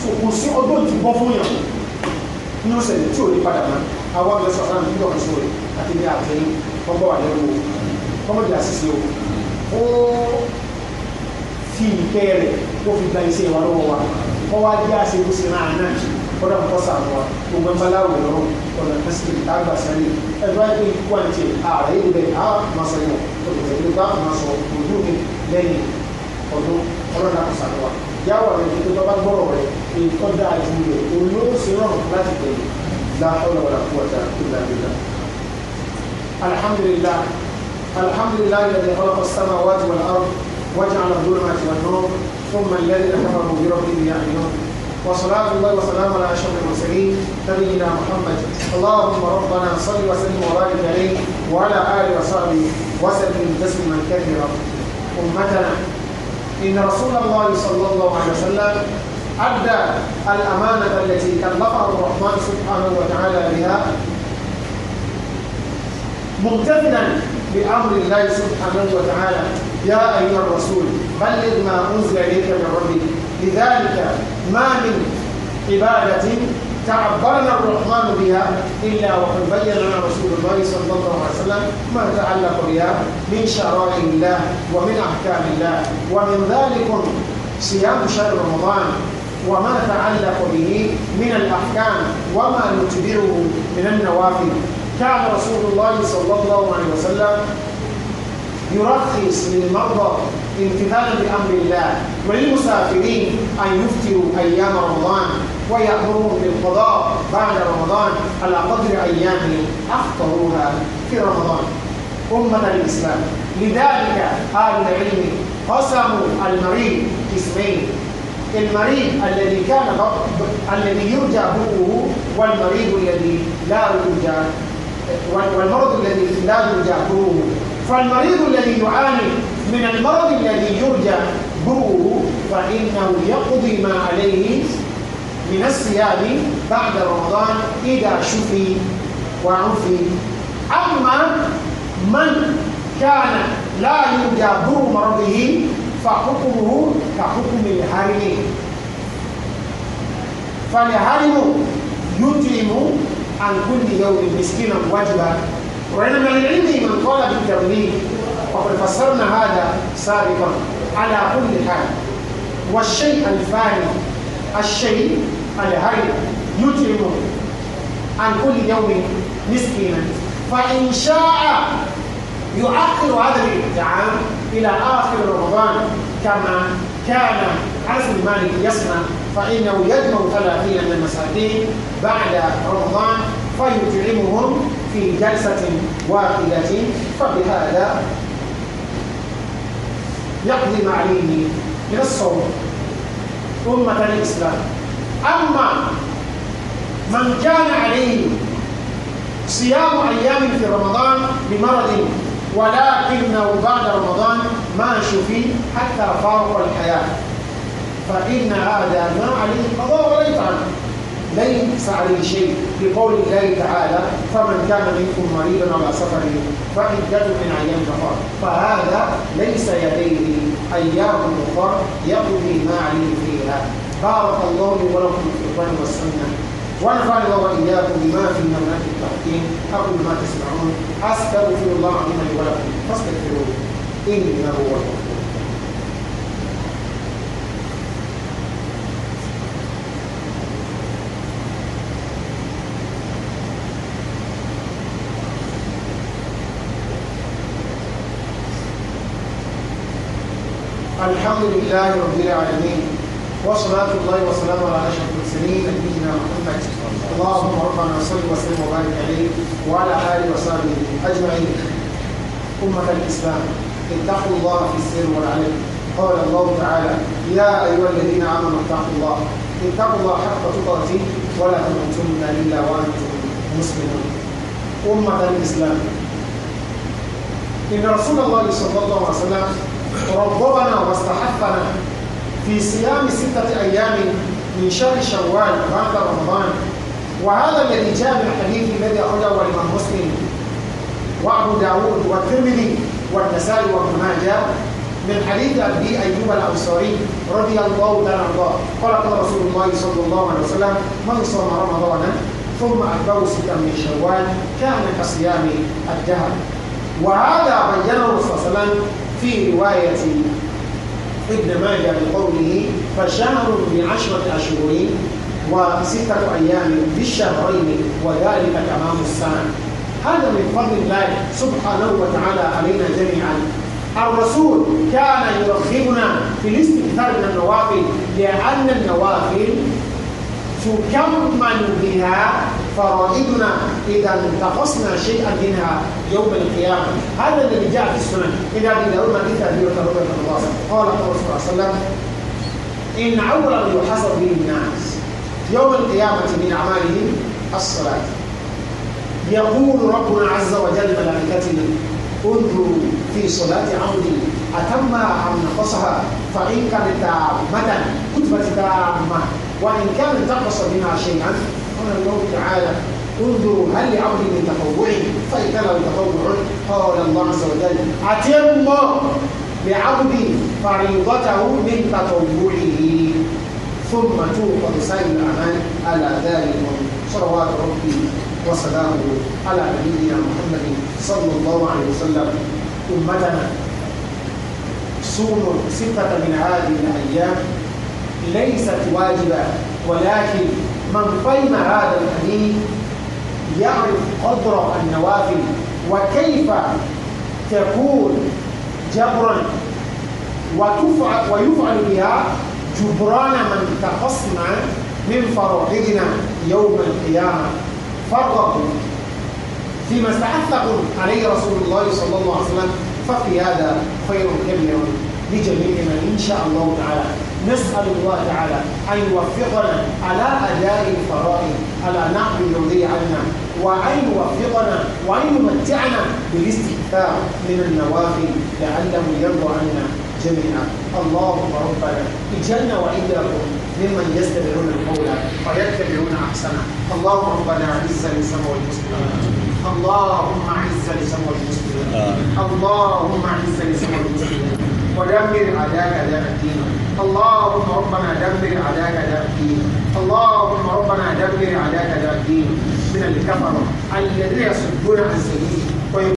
so kò sí ọjọ́ ti bọ́ fún yàn ní ọ̀sẹ̀ yìí tí ò ní padà náà àwọn ọ̀gbẹ́ sọ̀rọ̀ náà nígbà ọ̀sùn rẹ̀ àti ní àtẹ̀yìn ọgbọ́ àlẹ́wò kọ́mọ̀dé àṣìṣe o ó fi ìkẹ́ rẹ̀ ó fi gba iṣẹ́ wa lọ́wọ́ wa kọ́ wá jẹ́ àṣekúṣe náà náà kọ́dà ń kọ́ sàánú wa gbogbo ń bala wẹ̀ lọ́rùn ọ̀nà ẹ̀sìn tá a gbà sẹ́yìn ẹ̀dọ́ àìpé ikú àti ààrẹ yìí bẹ̀ á máa sẹ́yìn ọ̀tọ̀tọ̀ yìí bá máa sọ ojú mi lẹ́yìn ọdún ọlọ́dà kọ́ sàánú wa yàwó rẹ̀ ní tó bá gbọ́rọ̀ rẹ̀ èyí tó dáa ju rẹ̀ olóòsì rọrùn láti tẹ̀lé láhọ́lọ́ wàlá kú ọ̀tà tó lágbèlá. alhamdulillah alhamdulillah alladhi khalaqa as-samawati wal-ard wa ja'ala adh-dhulumati wan-nur thumma alladhina kafaru bi rabbihim ya'dilun وصلاة الله وسلام على أشرف المرسلين نبينا محمد اللهم ربنا صل وسلم وبارك عليه وعلى آله وصحبه وسلم تسليما كثيرا أمتنا إن رسول الله صلى الله عليه وسلم أدى الأمانة التي كلفه الرحمن سبحانه وتعالى بها ممتثلا بأمر الله سبحانه وتعالى يا أيها الرسول بلغ ما أنزل إليك من ربك لذلك ما من عبادة تعبرنا الرحمن بها إلا وقد بين لنا رسول الله صلى الله عليه وسلم ما تعلق بها من شرائع الله ومن أحكام الله ومن ذلك صيام شهر رمضان وما تعلق به من الأحكام وما نتبعه من النوافل كان رسول الله صلى الله عليه وسلم يرخص للمرضى امتثالا لامر الله وللمسافرين ان يفطروا ايام رمضان ويامرهم بالقضاء بعد رمضان على قدر ايام افطروها في رمضان امه الاسلام لذلك اهل العلم قسموا المريض قسمين المريض الذي كان الذي يرجى بره والمريض الذي لا يرجى والمرض الذي لا يرجى بره فالمريض الذي يعاني من المرض الذي يرجى بره فإنه يقضي ما عليه من الصيام بعد رمضان إذا شفي وعفي أما من كان لا يرجى بر مرضه فحكمه كحكم الهرم فالهرم يطعم عن كل يوم مسكينا وجبة وإنما العلم من قال بالتغليب وقد فسرنا هذا سابقا على كل حال والشيء الفاني الشيء الهري يطعم عن كل يوم مسكينا فإن شاء يؤخر هذا الإطعام إلى آخر رمضان كما كان أنس بن مالك يصنع فإنه يجمع ثلاثين من المساكين بعد رمضان فيطعمهم في جلسة واحدة فبهذا يقضي عليه من الصوم أمة الإسلام أما من كان عليه صيام أيام في رمضان بمرض ولكنه بعد رمضان ما شفي حتى فارق الحياة فإن هذا ما عليه قضاء وليس عنه لا ينقص عليه شيء بقول الله تعالى فمن كان منكم مريضا على سفر فعدة من ايام اخرى فهذا ليس يديه ايام اخرى يقضي ما عليه فيها بارك الله لي ولكم في القران والسنه ونفعنا واياكم بما في نعمات التحكيم اقول ما تسمعون استغفر الله عظيم ولكم فاستغفروه انه هو الله الحمد لله رب العالمين وصلاة الله وسلامه على أشرف المرسلين نبينا محمد اللهم ربنا صل وسلم وبارك عليه وعلى آله وصحبه أجمعين أمة الإسلام اتقوا الله في السر والعلم قال الله تعالى يا أيها الذين آمنوا اتقوا الله اتقوا الله حق تقاته ولا تموتن إلا وأنتم مسلمون أمة الإسلام إن رسول الله صلى الله عليه وسلم ربنا واستحقنا في صيام ستة أيام من شهر شوال بعد رمضان وهذا الذي جاء من الحديث الذي أخرجه الإمام مسلم وأبو داود والترمذي والنسائي وابن ماجه من حديث أبي أيوب الأنصاري رضي الله تعالى عنه قال قال رسول الله صلى الله عليه وسلم من صام رمضان ثم أتبعه ستة من شوال كان كصيام الدهر وهذا بينه صلى الله عليه وسلم في رواية ابن ماجه بقوله فشهر بعشرة أشهر وستة أيام بالشهرين وذلك تمام السنة هذا من فضل الله سبحانه وتعالى علينا جميعا الرسول كان يرغبنا في الاستكثار من النوافل لأن النوافل تكمل بها فرائدنا إذا انتقصنا شيئا منها يوم القيامة هذا الذي جاء في السنن إلى أبي داود حديث أبي الله عنه قال الرسول صلى الله عليه وسلم إن عورا يحصل به الناس يوم القيامة من أعمالهم الصلاة يقول ربنا عز وجل ملائكته انظروا في صلاة عمري أتمها أم نقصها فإن كانت تامة كتبت تامة وإن كانت تقص منها شيئا رحمه الله تعالى انظروا هل لعبد من تطوع فإن كان له تطوع قال الله عز وجل عتير الله لعبد فريضته من تطوعه ثم توقف سائر الأعمال على ذلك صلوات ربي وسلامه على نبينا محمد صلى الله عليه وسلم أمتنا صوموا ستة من هذه الأيام ليست واجبة ولكن من فهم طيب هذا الحديث يعرف قدر النوافل وكيف تكون جبرا وتفعل ويفعل بها جبران من تقصنا من فرائضنا يوم القيامه فرق فيما استحثكم عليه رسول الله صلى الله عليه وسلم ففي هذا خير كبير لجميعنا ان شاء الله تعالى نسأل الله تعالى أن يوفقنا على أداء الفرائض على نحو يرضي عنا وأن يوفقنا وأن يمتعنا بالاستكثار من النوافل لعله يرضى عنا جميعا اللهم ربنا اجعلنا واياكم ممن يستمعون القول ويتبعون احسنه اللهم ربنا اعز الاسلام والمسلمين اللهم اعز الاسلام والمسلمين اللهم اعز الاسلام والمسلمين ودمر عداك عداء الدين اللهم ربنا دمر عداك عداء الدين اللهم ربنا دمر عداك عداء الدين من الكفرة الذين يصدون عن سبيلك